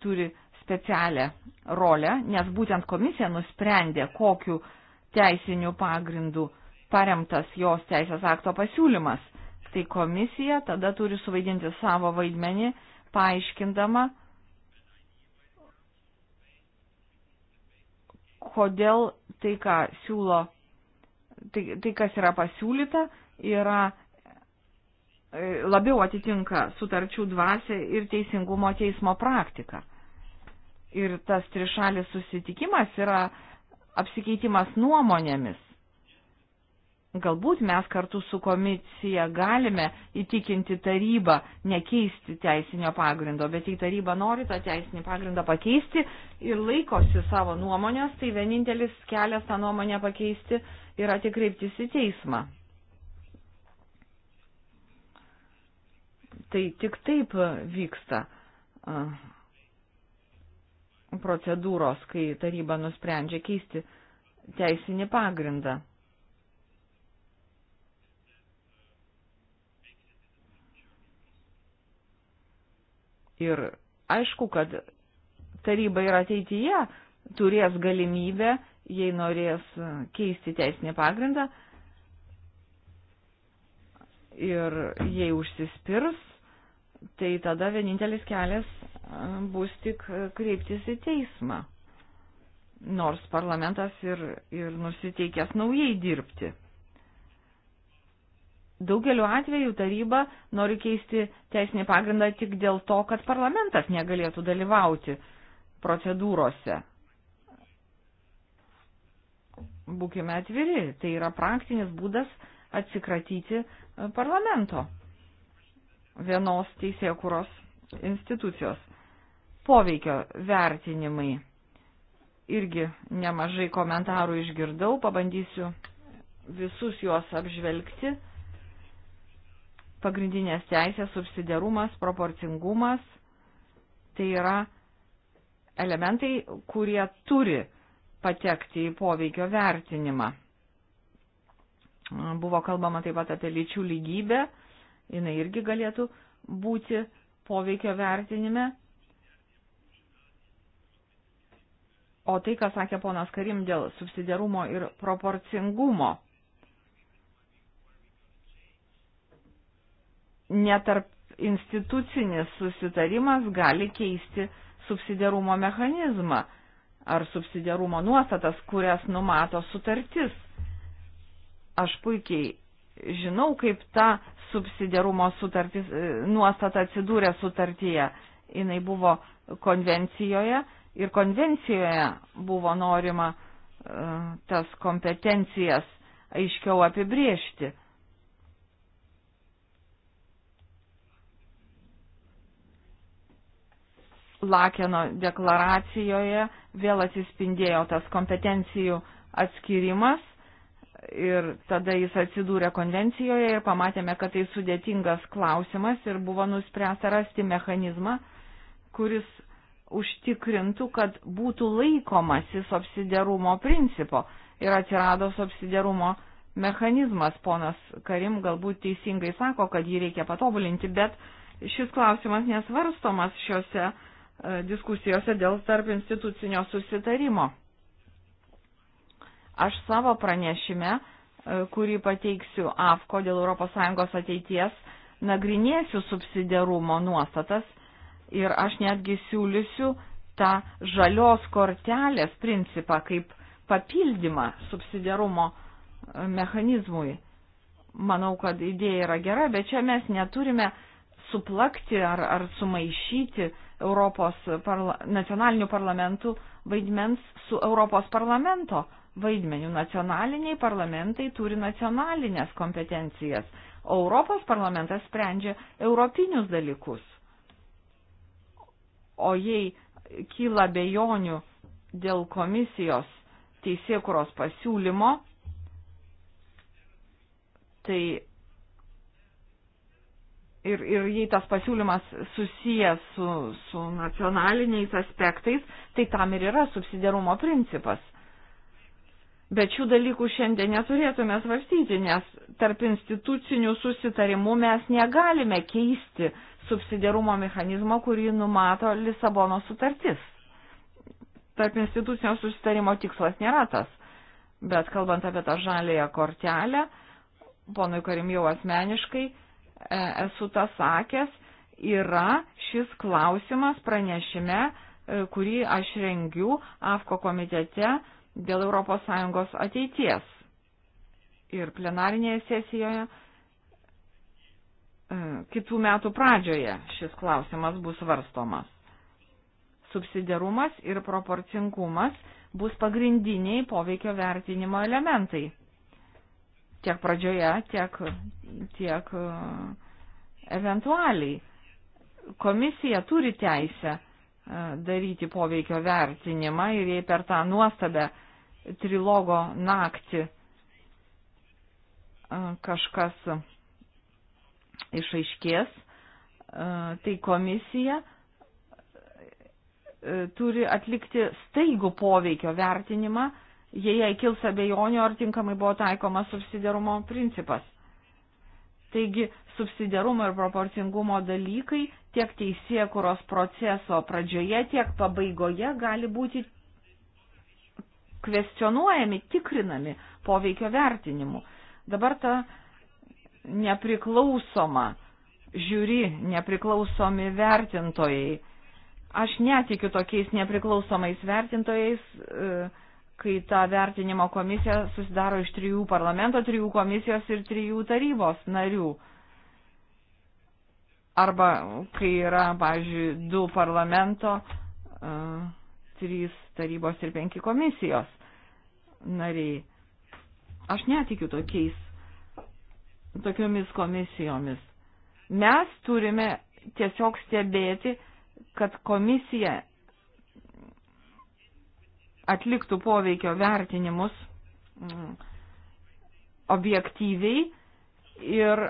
turi specialią rolę, nes būtent komisija nusprendė, kokiu teisiniu pagrindu paremtas jos teisės akto pasiūlymas. Tai komisija tada turi suvaidinti savo vaidmenį, paaiškindama, kodėl tai, ką siūlo, tai, tai kas yra pasiūlyta, yra e, labiau atitinka sutarčių dvasia ir teisingumo teismo praktika. Ir tas trišalis susitikimas yra apsikeitimas nuomonėmis. Galbūt mes kartu su komisija galime įtikinti tarybą nekeisti teisinio pagrindo, bet jei taryba nori tą teisinį pagrindą pakeisti ir laikosi savo nuomonės, tai vienintelis kelias tą nuomonę pakeisti yra tik kreiptis į teismą. Tai tik taip vyksta procedūros, kai taryba nusprendžia keisti teisinį pagrindą. Ir aišku, kad taryba ir ateityje turės galimybę, jei norės keisti teisinį pagrindą ir jei užsispirs, tai tada vienintelis kelias bus tik kreiptis į teismą, nors parlamentas ir, ir nusiteikęs naujai dirbti. Daugeliu atveju taryba nori keisti teisinį pagrindą tik dėl to, kad parlamentas negalėtų dalyvauti procedūrose. Būkime atviri, tai yra praktinis būdas atsikratyti parlamento vienos teisėkuros institucijos. Poveikio vertinimai. Irgi nemažai komentarų išgirdau, pabandysiu visus juos apžvelgti. Pagrindinės teisės, subsidiarumas, proporcingumas. Tai yra elementai, kurie turi patekti į poveikio vertinimą. Buvo kalbama taip pat apie lyčių lygybę, jinai irgi galėtų būti poveikio vertinime. O tai, ką sakė ponas Karim dėl subsidiarumo ir proporcingumo, netarp institucinis susitarimas gali keisti subsidiarumo mechanizmą ar subsidiarumo nuostatas, kurias numato sutartis. Aš puikiai žinau, kaip ta subsidiarumo sutartis, e, nuostata atsidūrė sutartyje. Jis buvo konvencijoje ir konvencijoje buvo norima e, tas kompetencijas aiškiau apibriežti. Lakeno deklaracijoje vėl atsispindėjo tas kompetencijų atskirimas ir tada jis atsidūrė konvencijoje ir pamatėme, kad tai sudėtingas klausimas ir buvo nuspręsta rasti mechanizmą, kuris užtikrintų, kad būtų laikomasi subsidiarumo principo ir atsirado subsidiarumo mechanizmas. Ponas Karim galbūt teisingai sako, kad jį reikia patobulinti, bet šis klausimas nesvarstomas šiuose e, diskusijose dėl tarp institucinio susitarimo. Aš savo pranešime, e, kurį pateiksiu AFKO dėl ES ateities, nagrinėsiu subsidiarumo nuostatas ir aš netgi siūlysiu tą žalios kortelės principą kaip papildymą subsidiarumo e, mechanizmui. Manau, kad idėja yra gera, bet čia mes neturime suplakti ar, ar sumaišyti Europos parla, nacionalinių parlamentų vaidmens su Europos parlamento vaidmeniu. Nacionaliniai parlamentai turi nacionalinės kompetencijas, o Europos parlamentas sprendžia europinius dalykus. O jei kyla bejonių dėl komisijos teisėkuros pasiūlymo, tai ir, ir jei tas pasiūlymas susijęs su, su nacionaliniais aspektais, tai tam ir yra subsidiarumo principas. Bet šių dalykų šiandien neturėtume svarstyti, nes tarp institucinių susitarimų mes negalime keisti subsidiarumo mechanizmo, kurį numato Lisabono sutartis. Tarp institucinio susitarimo tikslas nėra tas. Bet kalbant apie tą žalėją kortelę, ponui Karim jau asmeniškai e, esu tą sakęs, yra šis klausimas pranešime, e, kurį aš rengiu AFKO komitete dėl ES ateities. Ir plenarinėje sesijoje E, kitų metų pradžioje šis klausimas bus svarstomas. Subsidiarumas ir proporcingumas bus pagrindiniai poveikio vertinimo elementai. Tiek pradžioje, tiek, tiek e, eventualiai. Komisija turi teisę e, daryti poveikio vertinimą ir jei per tą nuostabę trilogo naktį kažkas išaiškės, e, tai komisija e, turi atlikti staigų poveikio vertinimą, jei jai kils abejonių, ar tinkamai buvo taikomas subsidiarumo principas. Taigi subsidiarumo ir proporcingumo dalykai tiek teisėkuros proceso pradžioje, tiek pabaigoje gali būti kvestionuojami, tikrinami poveikio vertinimu. Dabar ta uh, nepriklausoma žiūri, nepriklausomi vertintojai. Aš netikiu tokiais nepriklausomais vertintojais, e, kai ta vertinimo komisija susidaro iš trijų parlamento, trijų komisijos ir trijų tarybos narių. Arba kai yra, pavyzdžiui, du parlamento, e, trys tarybos ir penki komisijos nariai. Aš netikiu tokiais tokiomis komisijomis. Mes turime tiesiog stebėti, kad komisija atliktų poveikio vertinimus mm, objektyviai ir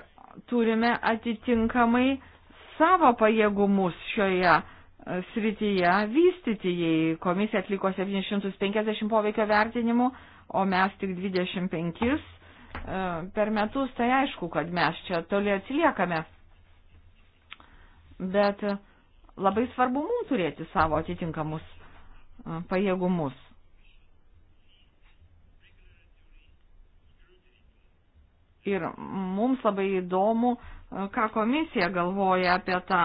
turime atitinkamai savo pajėgumus šioje e, srityje vystyti, jei komisija atliko 750 poveikio vertinimų, o mes tik 25 E, per metus, tai aišku, kad mes čia toli atsiliekame. Bet labai svarbu mums turėti savo atitinkamus e, pajėgumus. Ir mums labai įdomu, e, ką komisija galvoja apie tą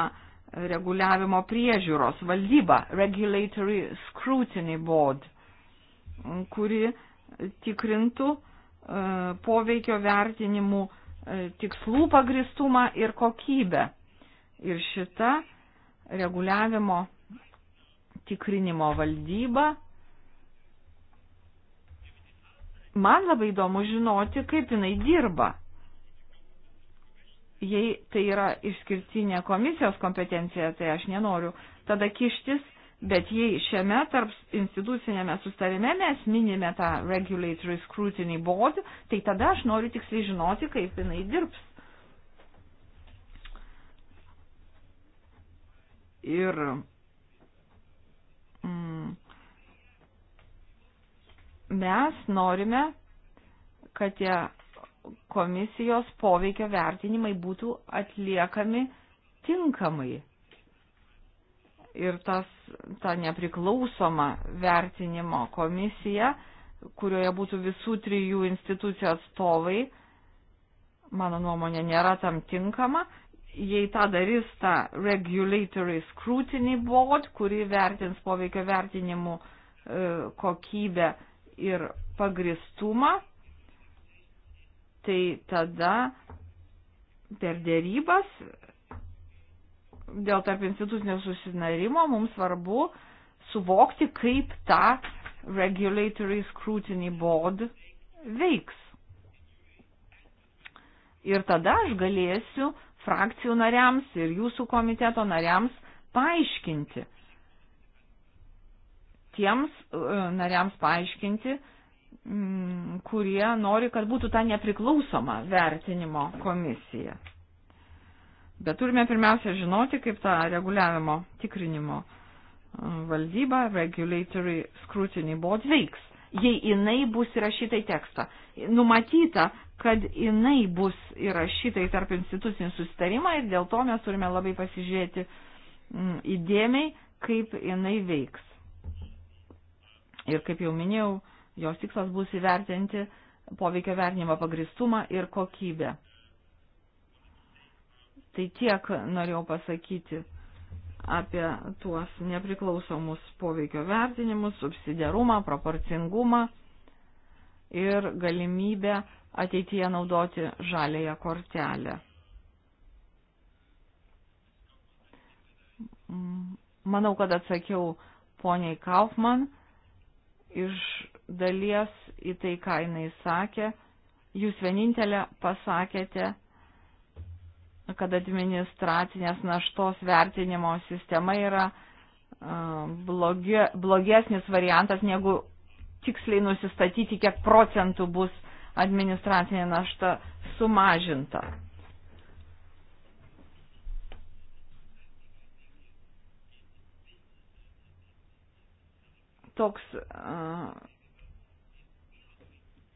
reguliavimo priežiūros valdybą, Regulatory Scrutiny Board, kuri tikrintų E, poveikio vertinimų e, tikslų pagristumą ir kokybę. Ir šita reguliavimo tikrinimo valdyba. Man labai įdomu žinoti, kaip jinai dirba. Jei tai yra išskirtinė komisijos kompetencija, tai aš nenoriu tada kištis Bet jei šiame tarp institucinėme sustarime mes minime tą Regulatory Scrutiny Board, tai tada aš noriu tiksliai žinoti, kaip jinai dirbs. Ir mm, mes norime, kad tie komisijos poveikio vertinimai būtų atliekami tinkamai ir tas, ta nepriklausoma vertinimo komisija, kurioje būtų visų trijų institucijų atstovai, mano nuomonė, nėra tam tinkama. Jei tą darys ta Regulatory Scrutiny Board, kuri vertins poveikio vertinimų e, kokybę ir pagristumą, tai tada per dėrybas dėl tarp institucinio susinarimo mums svarbu suvokti, kaip ta regulatory scrutiny board veiks. Ir tada aš galėsiu frakcijų nariams ir jūsų komiteto nariams paaiškinti, tiems e, nariams paaiškinti, kurie nori, kad būtų ta nepriklausoma vertinimo komisija. Bet turime pirmiausia žinoti, kaip tą reguliavimo tikrinimo e, valdybą, regulatory scrutiny board veiks, jei jinai bus įrašyta į tekstą. Numatyta, kad jinai bus įrašyta į tarp institucinį susitarimą ir dėl to mes turime labai pasižiūrėti įdėmiai, kaip jinai veiks. Ir kaip jau minėjau, jos tikslas bus įvertinti poveikio vertinimo pagristumą ir kokybę. Tai tiek norėjau pasakyti apie tuos nepriklausomus poveikio vertinimus, subsidiarumą, proporcingumą ir galimybę ateityje naudoti žalėją kortelę. Manau, kad atsakiau poniai Kaufman iš dalies į tai, ką jinai sakė. Jūs vienintelė pasakėte, kad administracinės naštos vertinimo sistema yra e, blogi, blogesnis variantas, negu tiksliai nusistatyti, kiek procentų bus administracinė našta sumažinta. Toks uh,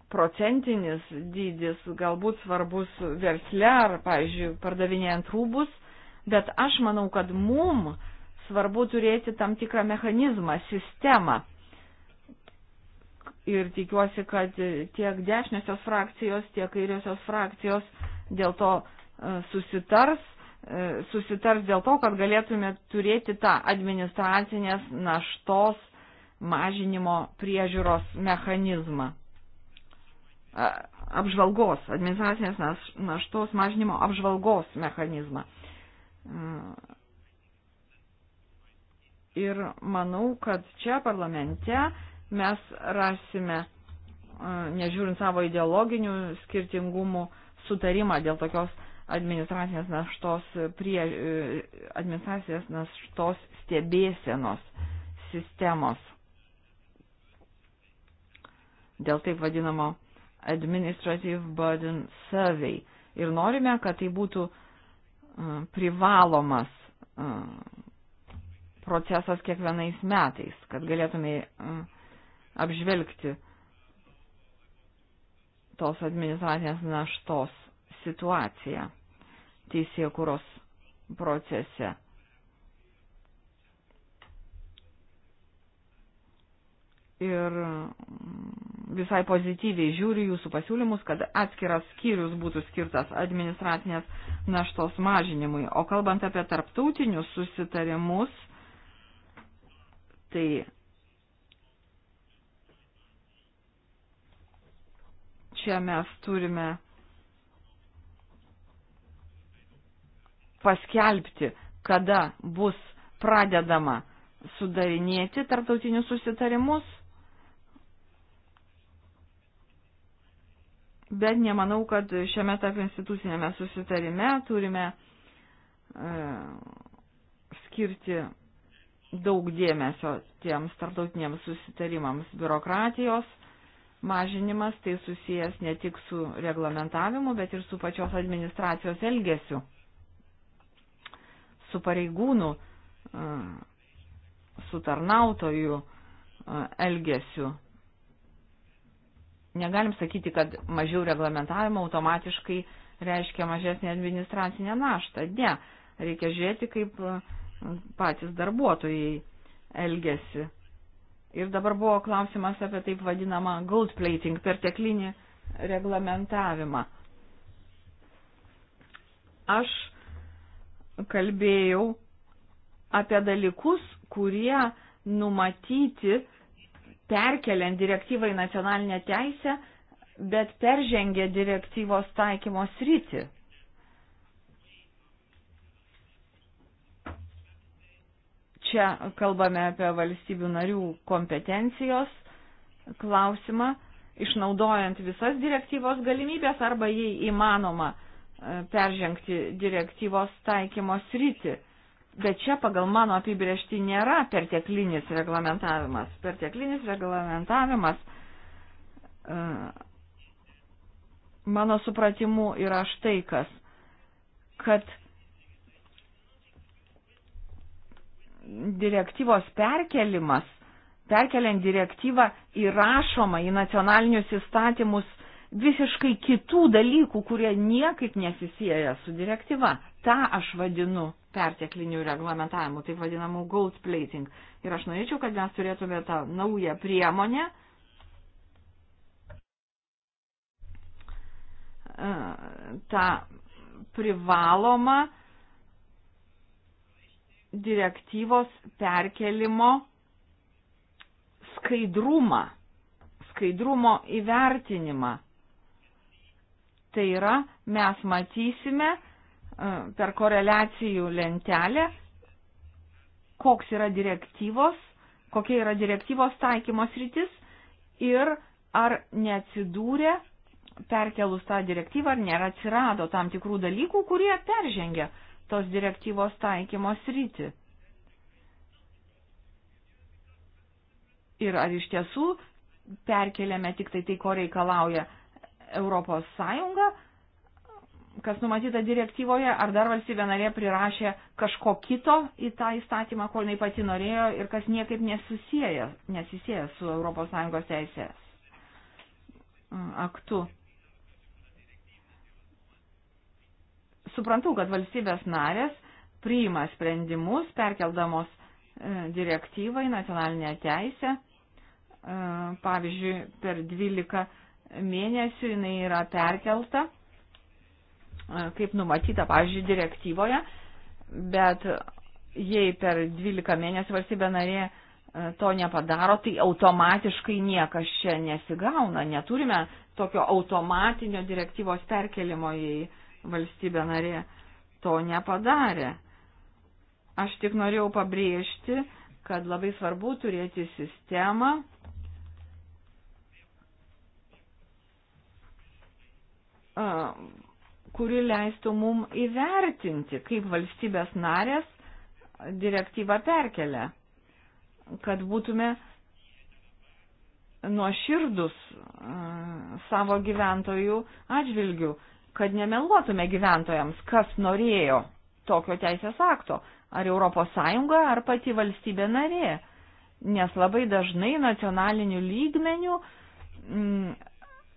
procentinis dydis galbūt svarbus versle ar, pavyzdžiui, pardavinėjant rūbus, bet aš manau, kad mum svarbu turėti tam tikrą mechanizmą, sistemą. Ir tikiuosi, kad tiek dešiniosios frakcijos, tiek kairiosios frakcijos dėl to e, susitars, e, susitars dėl to, kad galėtume turėti tą administracinės naštos mažinimo priežiūros mechanizmą apžvalgos, administracinės naštos mažinimo apžvalgos mechanizmą. Ir manau, kad čia parlamente mes rasime, nežiūrint savo ideologinių skirtingumų, sutarimą dėl tokios administracinės naštos, prie, administracinės naštos stebėsenos sistemos. Dėl taip vadinamo Administrative Burden Survey. Ir norime, kad tai būtų e, privalomas e, procesas kiekvienais metais, kad galėtume e, apžvelgti tos administracinės naštos situaciją teisėkuros procese. Ir visai pozityviai žiūriu jūsų pasiūlymus, kad atskiras skyrius būtų skirtas administracinės naštos mažinimui. O kalbant apie tarptautinius susitarimus, tai čia mes turime paskelbti, kada bus pradedama sudarinėti tarptautinius susitarimus bet nemanau, kad šiame tarp institucinėme susitarime turime e, skirti daug dėmesio tiems tarptautiniams susitarimams biurokratijos. Mažinimas tai susijęs ne tik su reglamentavimu, bet ir su pačios administracijos elgesiu, su pareigūnų, e, su tarnautojų e, elgesiu Negalim sakyti, kad mažiau reglamentavimo automatiškai reiškia mažesnį administracinę naštą. Ne, reikia žiūrėti, kaip e, patys darbuotojai elgesi. Ir dabar buvo klausimas apie taip vadinamą gold plating, perteklinį reglamentavimą. Aš kalbėjau apie dalykus, kurie numatyti perkeliant direktyvą į nacionalinę teisę, bet peržengė direktyvos taikymo sritį. Čia kalbame apie valstybių narių kompetencijos klausimą, išnaudojant visas direktyvos galimybės arba jei įmanoma e, peržengti direktyvos taikymo sritį. Bet čia pagal mano apibriežti nėra perteklinis reglamentavimas. Perteklinis reglamentavimas e, mano supratimu yra štai kas, kad direktyvos perkelimas, perkeliant direktyvą įrašoma į nacionalinius įstatymus visiškai kitų dalykų, kurie niekaip nesisėja su direktyva. Ta aš vadinu perteklinių reglamentavimų, taip vadinamų gold plating. Ir aš norėčiau, kad mes turėtume tą naują priemonę, e, tą privalomą direktyvos perkelimo skaidrumą, skaidrumo įvertinimą. Tai yra, mes matysime, per koreliacijų lentelę, koks yra direktyvos, kokia yra direktyvos taikymos rytis ir ar neatsidūrė perkelus tą direktyvą, ar nėra atsirado tam tikrų dalykų, kurie peržengia tos direktyvos taikymos rytį. Ir ar iš tiesų perkeliame tik tai tai, ko reikalauja Europos Sąjunga, kas numatyta direktyvoje, ar dar valstybė narė prirašė kažko kito į tą įstatymą, ko jinai pati norėjo ir kas niekaip nesusijęs, nesisijęs su ES teisės aktu. Suprantu, kad valstybės narės priima sprendimus, perkeldamos e, direktyvą į nacionalinę teisę. E, pavyzdžiui, per 12 mėnesių jinai yra perkelta kaip numatyta, pavyzdžiui, direktyvoje, bet jei per 12 mėnesių valstybė narė to nepadaro, tai automatiškai niekas čia nesigauna. Neturime tokio automatinio direktyvos perkelimo, jei valstybė narė to nepadarė. Aš tik norėjau pabrėžti, kad labai svarbu turėti sistemą, kuri leistų mum įvertinti, kaip valstybės narės direktyvą perkelia, kad būtume nuoširdus e, savo gyventojų atžvilgių, kad nemeluotume gyventojams, kas norėjo tokio teisės akto, ar ES, ar pati valstybė narė. Nes labai dažnai nacionaliniu lygmeniu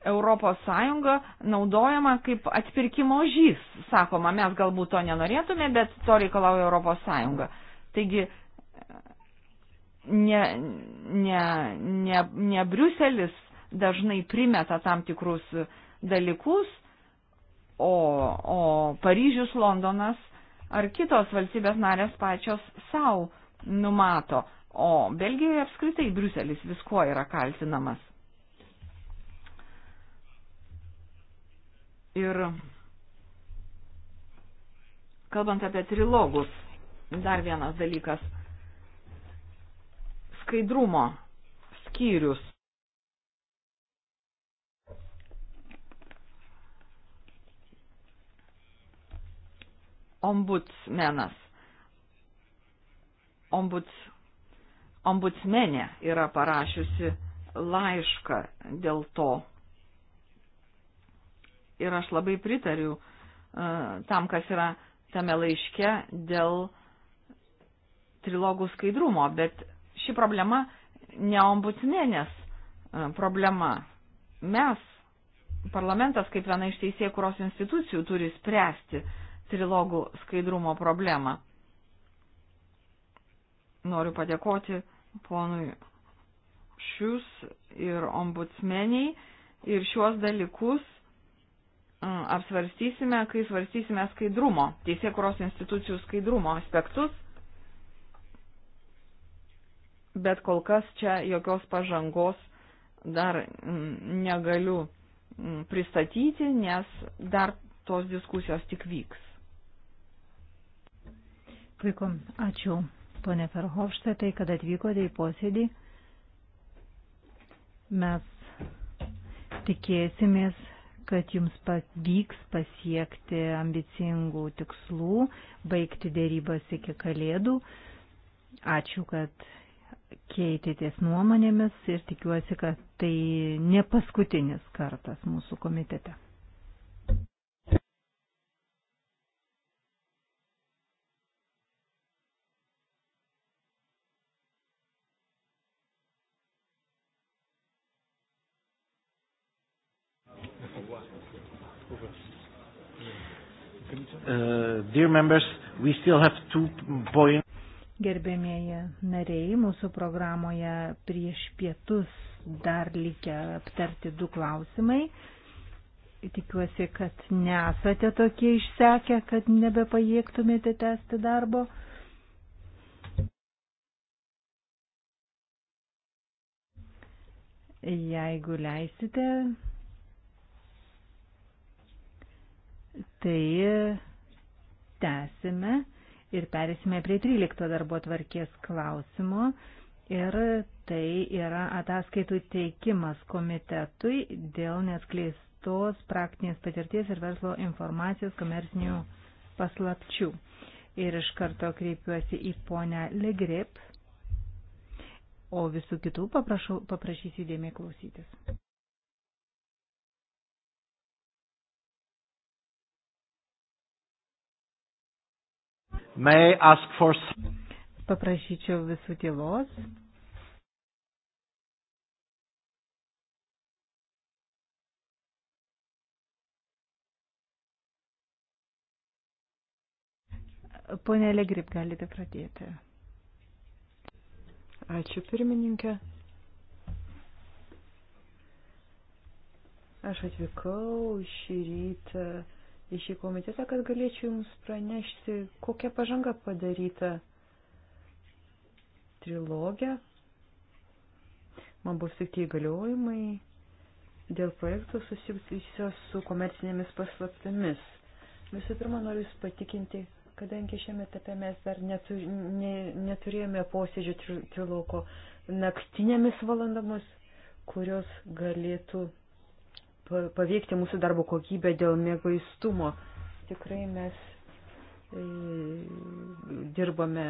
ES naudojama kaip atpirkimo žys. Sakoma, mes galbūt to nenorėtume, bet to reikalauja ES. Taigi, ne, ne, ne, ne Briuselis dažnai primeta tam tikrus dalykus, o, o Paryžius, Londonas ar kitos valstybės narės pačios savo numato. O Belgijoje apskritai Briuselis viskuo yra kaltinamas. Ir kalbant apie trilogus, dar vienas dalykas. Skaidrumo skyrius. Ombudsmenas. Ombuds, ombudsmenė yra parašiusi laišką dėl to ir aš labai pritariu e, tam, kas yra tame laiške dėl trilogų skaidrumo, bet ši problema neombudsmenės e, problema. Mes, parlamentas kaip viena iš teisėkuros institucijų, turi spręsti trilogų skaidrumo problemą. Noriu padėkoti ponui Šius ir ombudsmeniai ir šiuos dalykus Mm, apsvarstysime, kai svarstysime skaidrumo, teisėkuros institucijų skaidrumo aspektus, bet kol kas čia jokios pažangos dar mm, negaliu mm, pristatyti, nes dar tos diskusijos tik vyks. Puiku, ačiū, ponė Ferhofštetai, kad atvykote į posėdį. Mes tikėsimės kad jums pavyks pasiekti ambicingų tikslų, baigti dėrybas iki kalėdų. Ačiū, kad keitėtės nuomonėmis ir tikiuosi, kad tai ne paskutinis kartas mūsų komitete. members, we still have two points. Gerbėmėji nariai, mūsų programoje prieš pietus dar likę aptarti du klausimai. Tikiuosi, kad nesate tokie išsekę, kad nebepajėgtumėte tęsti darbo. Jeigu leisite, tai tęsime ir perėsime prie 13 darbo tvarkės klausimo. Ir tai yra ataskaitų teikimas komitetui dėl neskleistos praktinės patirties ir verslo informacijos komersinių paslapčių. Ir iš karto kreipiuosi į ponę Legrip, o visų kitų paprašau, paprašysiu dėmiai klausytis. For... Paprašyčiau visų tylos. Pone Legrip, galite pradėti. Ačiū pirmininkė. Aš atvykau šį rytą į šį komitetą, kad galėčiau Jums pranešti, kokia pažanga padaryta trilogė. Man bus tik įgaliojimai dėl projektų susijusios su komercinėmis paslaptimis. Visų pirma, noriu Jūs patikinti, kadangi šiame etape mes dar netu, ne, neturėjome posėdžio triloko naktinėmis valandomis, kurios galėtų paveikti mūsų darbo kokybę dėl mėgaistumo. Tikrai mes e, dirbame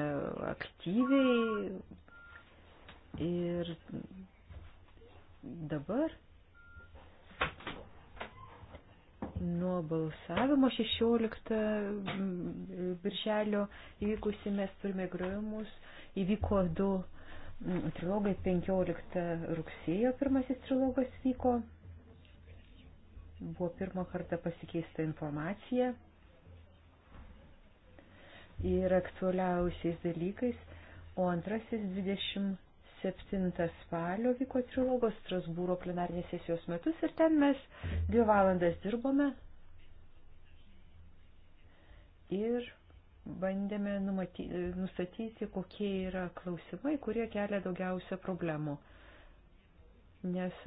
aktyviai ir dabar nuo balsavimo 16 birželio įvykusi mes turime grojimus, įvyko du trilogai 15 rugsėjo, pirmasis trilogas vyko Buvo pirmą kartą pasikeista informacija ir aktualiausiais dalykais, o antrasis 27 spalio vyko trilogos Strasbūro plenarnės sesijos metus ir ten mes dvi valandas dirbome ir bandėme numaty, nustatyti, kokie yra klausimai, kurie kelia daugiausia problemų. Nes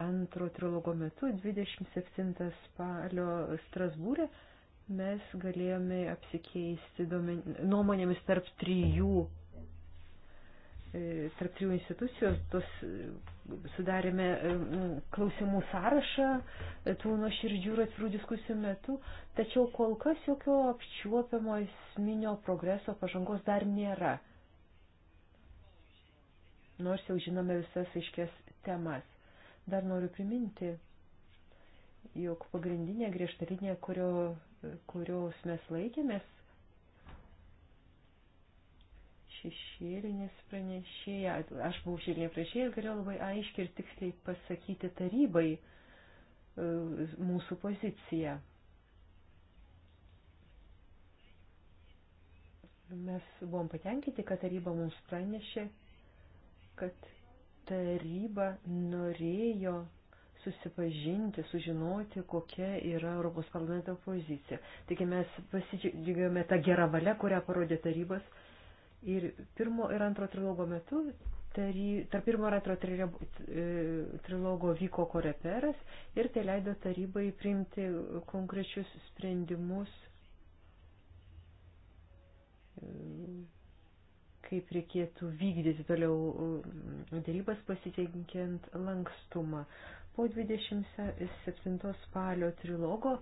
antro trilogo metu, 27 spalio Strasbūrė, mes galėjome apsikeisti nuomonėmis tarp trijų, e, tarp trijų institucijos, tos e, sudarėme e, klausimų sąrašą tų nuoširdžių ir atvirų diskusijų metu, tačiau kol kas jokio apčiuopiamo esminio progreso pažangos dar nėra. Nors jau žinome visas aiškės temas Dar noriu priminti, jog pagrindinė griežta linija, kurio, kurios mes laikėmės, šešėlinis pranešėja, aš buvau šešėlinė pranešėja ir galėjau labai aiškiai ir tiksliai pasakyti tarybai e, mūsų poziciją. Mes buvom patenkinti, kad taryba mums pranešė, kad taryba norėjo susipažinti, sužinoti, kokia yra Europos parlamento pozicija. Taigi mes pasidžiugėjome tą gerą valią, kurią parodė tarybas. Ir pirmo ir antro trilogo metu, tary, tarp pirmo ir antro trilogo e, vyko koreperas ir tai leido tarybai priimti konkrečius sprendimus e, kaip reikėtų vykdyti toliau mm, dėrybas pasitenkiant lankstumą. Po 27 spalio trilogo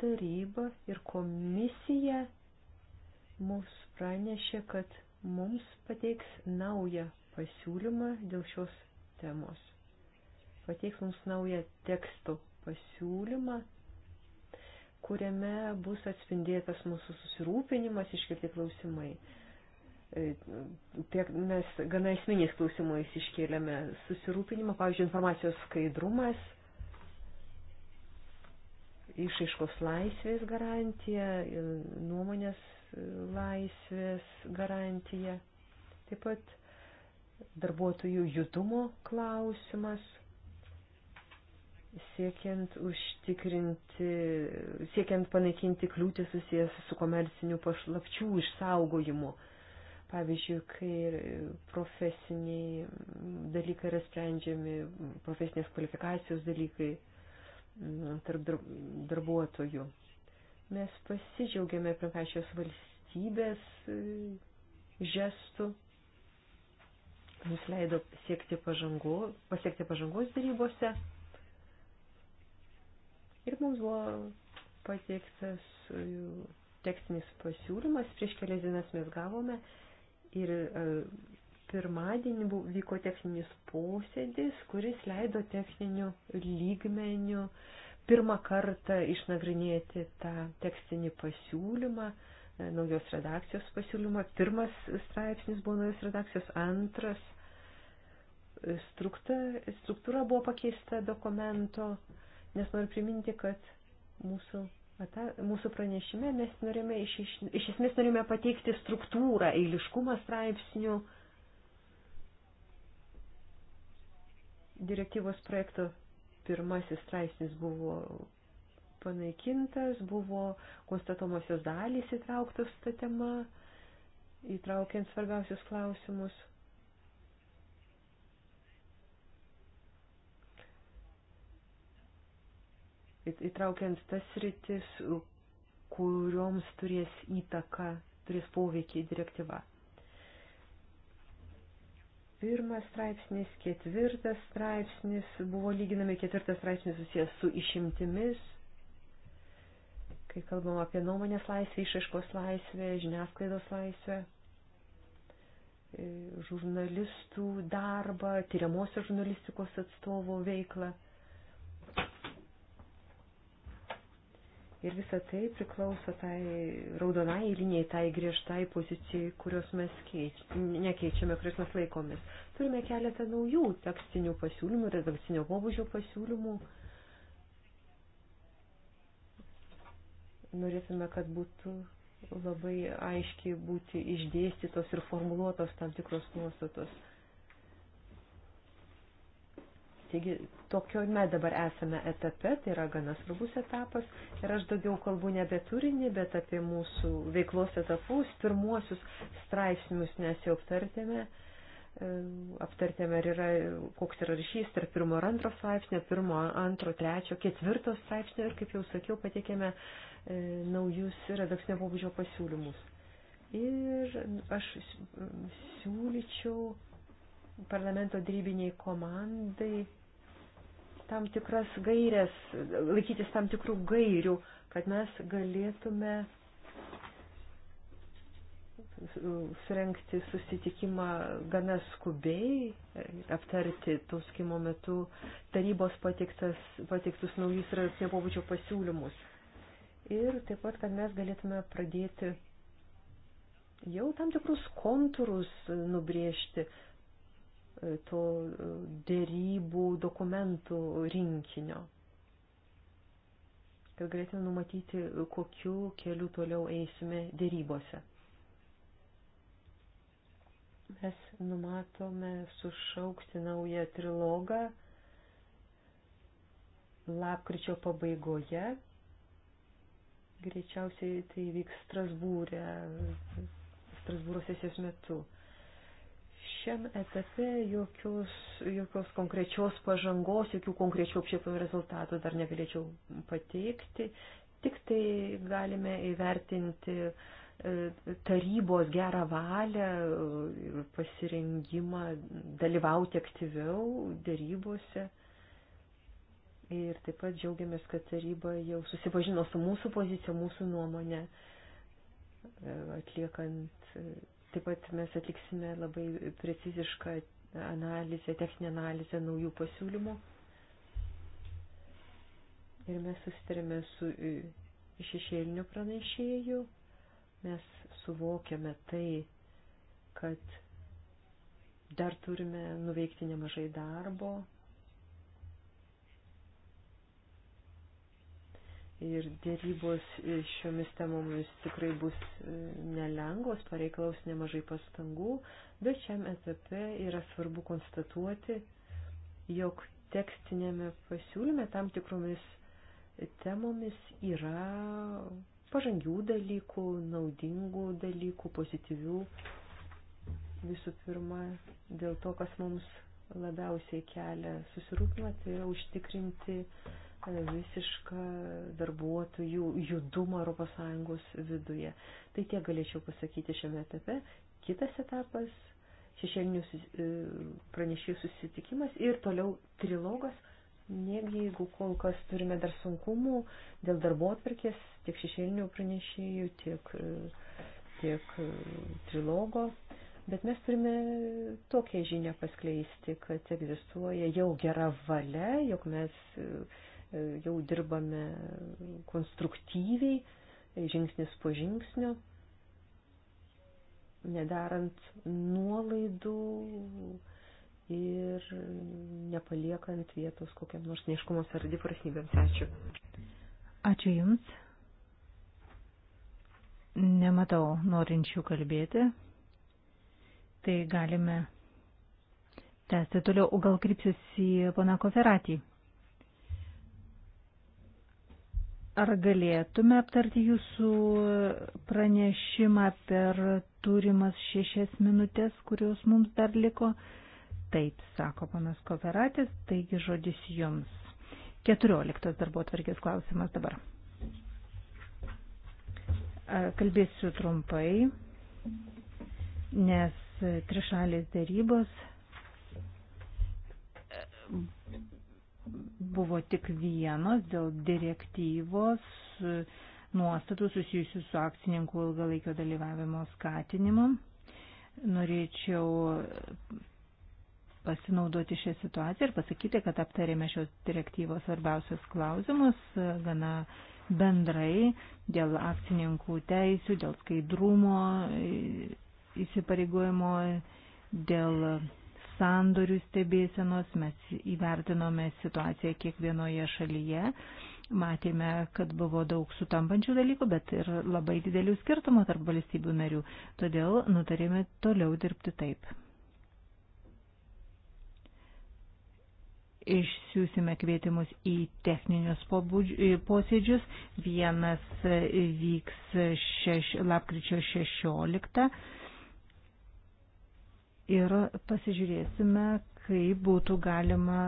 taryba ir komisija mums pranešė, kad mums pateiks naują pasiūlymą dėl šios temos. Pateiks mums naują teksto pasiūlymą, kuriame bus atspindėtas mūsų susirūpinimas iškirti klausimai. E, tiek mes gana esminiais klausimais iškėlėme susirūpinimą, pavyzdžiui, informacijos skaidrumas, išaiškos laisvės garantija, nuomonės laisvės garantija, taip pat darbuotojų judumo klausimas, siekiant užtikrinti, siekiant panaikinti kliūtį susijęs su komercinių pašlapčių išsaugojimu. Pavyzdžiui, kai profesiniai dalykai yra sprendžiami, profesinės kvalifikacijos dalykai mm, tarp darbuotojų. Mes pasidžiaugiame primpačios valstybės e, žestų, mums leido siekti pažango, pasiekti pažangos darybose ir mums buvo pateiktas e, tekstinis pasiūlymas, prieš kelias dienas mes gavome Ir e, pirmadienį vyko techninis posėdis, kuris leido techniniu lygmeniu pirmą kartą išnagrinėti tą tekstinį pasiūlymą, e, naujos redakcijos pasiūlymą. Pirmas straipsnis buvo naujos redakcijos, antras e, struktūra buvo pakeista dokumento, nes noriu priminti, kad mūsų Mata, mūsų pranešime mes norime, iš, iš, iš esmės norime pateikti struktūrą, eiliškumą straipsnių direktyvos projekto pirmasis straipsnis buvo panaikintas, buvo konstatomosios dalys įtrauktos tą temą, įtraukiant svarbiausius klausimus – įtraukiant tas rytis, kurioms turės įtaką, turės poveikį direktyva. Pirmas straipsnis, ketvirtas straipsnis, buvo lyginami ketvirtas straipsnis susijęs su išimtimis, kai kalbam apie nuomonės laisvę, išaiškos laisvę, žiniasklaidos laisvę e, žurnalistų darbą, tyriamosios žurnalistikos atstovų veiklą. Ir visa tai priklauso tai raudonai linijai, tai griežtai pozicijai, kurios mes keič, nekeičiame, kurios mes laikomis. Turime keletą naujų tekstinių pasiūlymų, redakcinio pobūdžio pasiūlymų. Norėtume, kad būtų labai aiškiai būti išdėstytos ir formuluotos tam tikros nuostatos. Taigi, tokiojame dabar esame etape, tai yra gana svarbus etapas ir aš daugiau kalbu ne apie turinį, bet apie mūsų veiklos etapus, pirmuosius straipsnius, nes jau aptartėme, e, aptartėme, ar yra, koks yra ryšys tarp pirmo ir antro straipsnio, pirmo, antro, trečio, ketvirto straipsnio ir, kaip jau sakiau, patikėme e, naujus redakcinio pobūdžio pasiūlymus. Ir aš siūlyčiau parlamento darybiniai komandai tam tikras gairias, laikytis tam tikrų gairių, kad mes galėtume surenkti susitikimą gana skubiai, aptarti to skimo metu tarybos patiktas, patiktus naujus ir tie pobūdžio pasiūlymus. Ir taip pat, kad mes galėtume pradėti jau tam tikrus kontūrus nubriežti, E, to e, dėrybų dokumentų rinkinio, kad galėtume numatyti, kokiu keliu toliau eisime dėrybose. Mes numatome sušaukti naują trilogą lapkričio pabaigoje. Greičiausiai tai vyks Strasbūrė, Strasbūro sesijos metu šiam etape jokios, jokios konkrečios pažangos, jokių konkrečių apšiepių rezultatų dar negalėčiau pateikti. Tik tai galime įvertinti e, tarybos gerą valią ir pasirengimą dalyvauti aktyviau dėrybose. Ir taip pat džiaugiamės, kad taryba jau susipažino su mūsų pozicija, mūsų nuomonė, e, atliekant e, Taip pat mes atliksime labai precizišką analizę, techninę analizę naujų pasiūlymų. Ir mes susitarėme su e, šešėliniu pranešėju. Mes suvokiame tai, kad dar turime nuveikti nemažai darbo, ir dėrybos šiomis temomis tikrai bus e, nelengvos, pareikalaus nemažai pastangų, bet šiam etape yra svarbu konstatuoti, jog tekstinėme pasiūlyme tam tikromis temomis yra pažangių dalykų, naudingų dalykų, pozityvių. Visų pirma, dėl to, kas mums labiausiai kelia susirūpinimą, tai yra užtikrinti uh, visišką darbuotojų judumą ES viduje. Tai tiek galėčiau pasakyti šiame etape. Kitas etapas - šešėlinių e, pranešėjų susitikimas ir toliau trilogas. Negi jeigu kol kas turime dar sunkumų dėl darbo atvarkės tiek šešėlinių pranešėjų, tiek, e, tiek e, trilogo, bet mes turime tokią žinią paskleisti, kad egzistuoja jau gera valia, jog mes E, jau dirbame konstruktyviai, žingsnis po žingsnio, nedarant nuolaidų ir nepaliekant vietos kokiam nors neiškumos ar diprasnybėms. Ačiū. Ačiū Jums. Nematau norinčių kalbėti. Tai galime tęsti toliau. O gal krypsis į pana Koferatį? Ar galėtume aptarti jūsų pranešimą per turimas šešias minutės, kurios mums dar liko? Taip, sako panas Kooperatis, taigi žodis jums. Keturioliktas darbo atvarkės klausimas dabar. Kalbėsiu trumpai, nes trišalės darybos buvo tik vienas dėl direktyvos e, nuostatų susijusių su akcininkų ilgalaikio dalyvavimo skatinimu. Norėčiau pasinaudoti šią situaciją ir pasakyti, kad aptarėme šios direktyvos svarbiausius klausimus e, gana bendrai dėl akcininkų teisių, dėl skaidrumo e, įsipareigojimo, dėl sandorių stebėsenos, mes įvertinome situaciją kiekvienoje šalyje, matėme, kad buvo daug sutampančių dalykų, bet ir labai didelių skirtumų tarp valstybių narių, todėl nutarėme toliau dirbti taip. Išsiųsime kvietimus į techninius posėdžius. Vienas vyks šeš, lapkričio 16 ir pasižiūrėsime, kaip būtų galima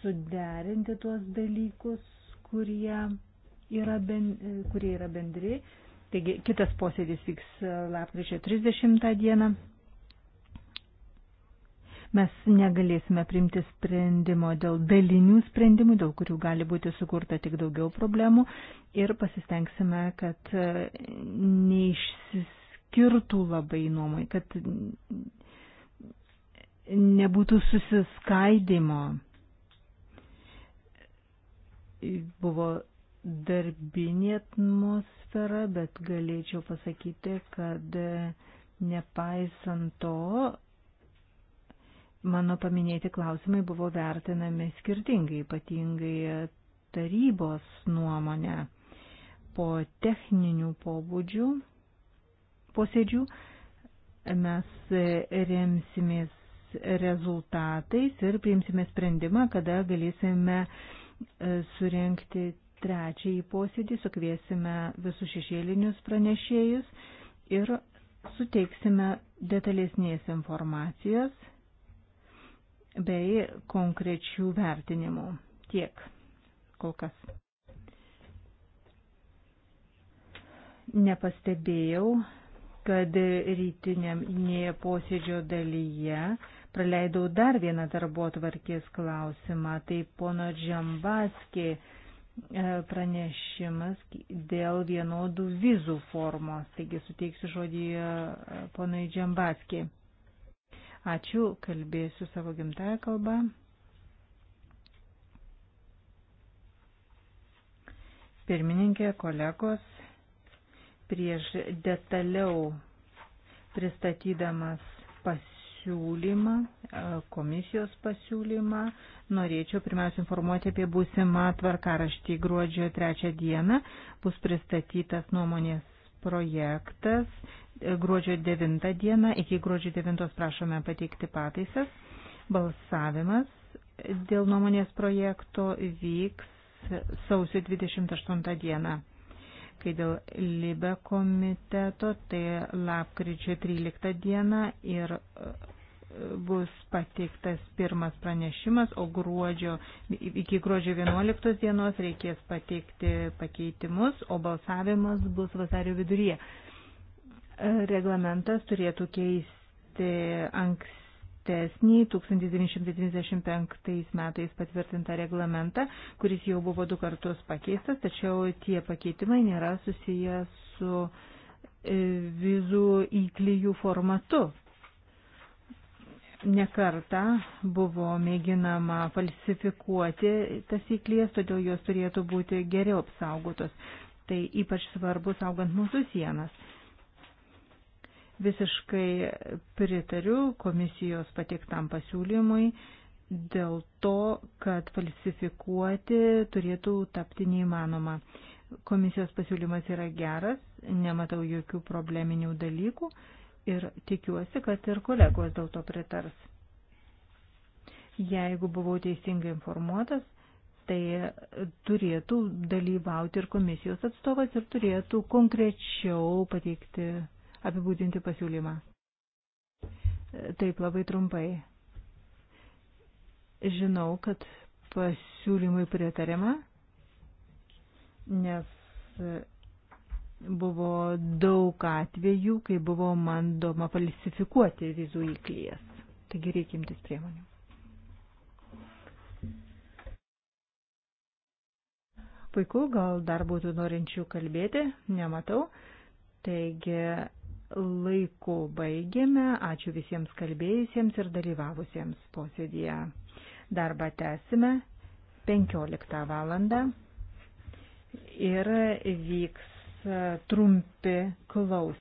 suderinti tuos dalykus, kurie yra, ben, kurie yra bendri. Taigi kitas posėdis vyks lapkričio 30 dieną. Mes negalėsime primti sprendimo dėl dalinių sprendimų, dėl kurių gali būti sukurta tik daugiau problemų ir pasistengsime, kad neišsiskirtų labai nuomai, kad nebūtų susiskaidimo. Buvo darbinė atmosfera, bet galėčiau pasakyti, kad nepaisant to, mano paminėti klausimai buvo vertinami skirtingai, ypatingai tarybos nuomonę po techninių pobūdžių posėdžių mes remsimės rezultatais ir priimsime sprendimą, kada galėsime e, surenkti trečiąjį posėdį, sukviesime visus šešėlinius pranešėjus ir suteiksime detalesnės informacijos bei konkrečių vertinimų. Tiek kol kas. Nepastebėjau, kad rytinėje posėdžio dalyje praleidau dar vieną darbo tvarkės klausimą. Tai pono Džambaskė e, pranešimas dėl vienodų vizų formos. Taigi suteiksiu žodį e, ponui Džambaskį. Ačiū, kalbėsiu savo gimtają kalbą. Pirmininkė, kolegos, prieš detaliau pristatydamas pasiūlymą, pasiūlymą, e, komisijos pasiūlymą. Norėčiau pirmiausia informuoti apie būsimą tvarkaraštį gruodžio trečią dieną. Bus pristatytas nuomonės projektas e, gruodžio 9 dieną. Iki gruodžio 9 prašome pateikti pataisas. Balsavimas dėl nuomonės projekto vyks sausio 28 dieną kai dėl Libe komiteto, tai lapkričio 13 diena ir e, bus pateiktas pirmas pranešimas, o gruodžio, iki gruodžio 11 dienos reikės pateikti pakeitimus, o balsavimas bus vasario viduryje. Reglamentas turėtų keisti ankstesnį 1995 metais patvirtintą reglamentą, kuris jau buvo du kartus pakeistas, tačiau tie pakeitimai nėra susiję su e, vizų įklyjų formatu nekarta buvo mėginama falsifikuoti tasyklės, todėl jos turėtų būti geriau apsaugotos. Tai ypač svarbu saugant mūsų sienas. Visiškai pritariu komisijos patiktam pasiūlymui dėl to, kad falsifikuoti turėtų tapti neįmanoma. Komisijos pasiūlymas yra geras, nematau jokių probleminių dalykų ir tikiuosi, kad ir kolegos dėl to pritars. Jeigu buvau teisingai informuotas, tai turėtų dalyvauti ir komisijos atstovas ir turėtų konkrečiau pateikti, apibūdinti pasiūlymą. Taip labai trumpai. Žinau, kad pasiūlymui pritariama, nes Buvo daug atvejų, kai buvo bandoma falsifikuoti vizų įklyjas. Taigi reikia imtis priemonių. Puiku, gal dar būtų norinčių kalbėti, nematau. Taigi laiku baigėme. Ačiū visiems kalbėjusiems ir dalyvavusiems posėdėje. Darbą tęsime 15 valandą ir vyks trumpi klausimai.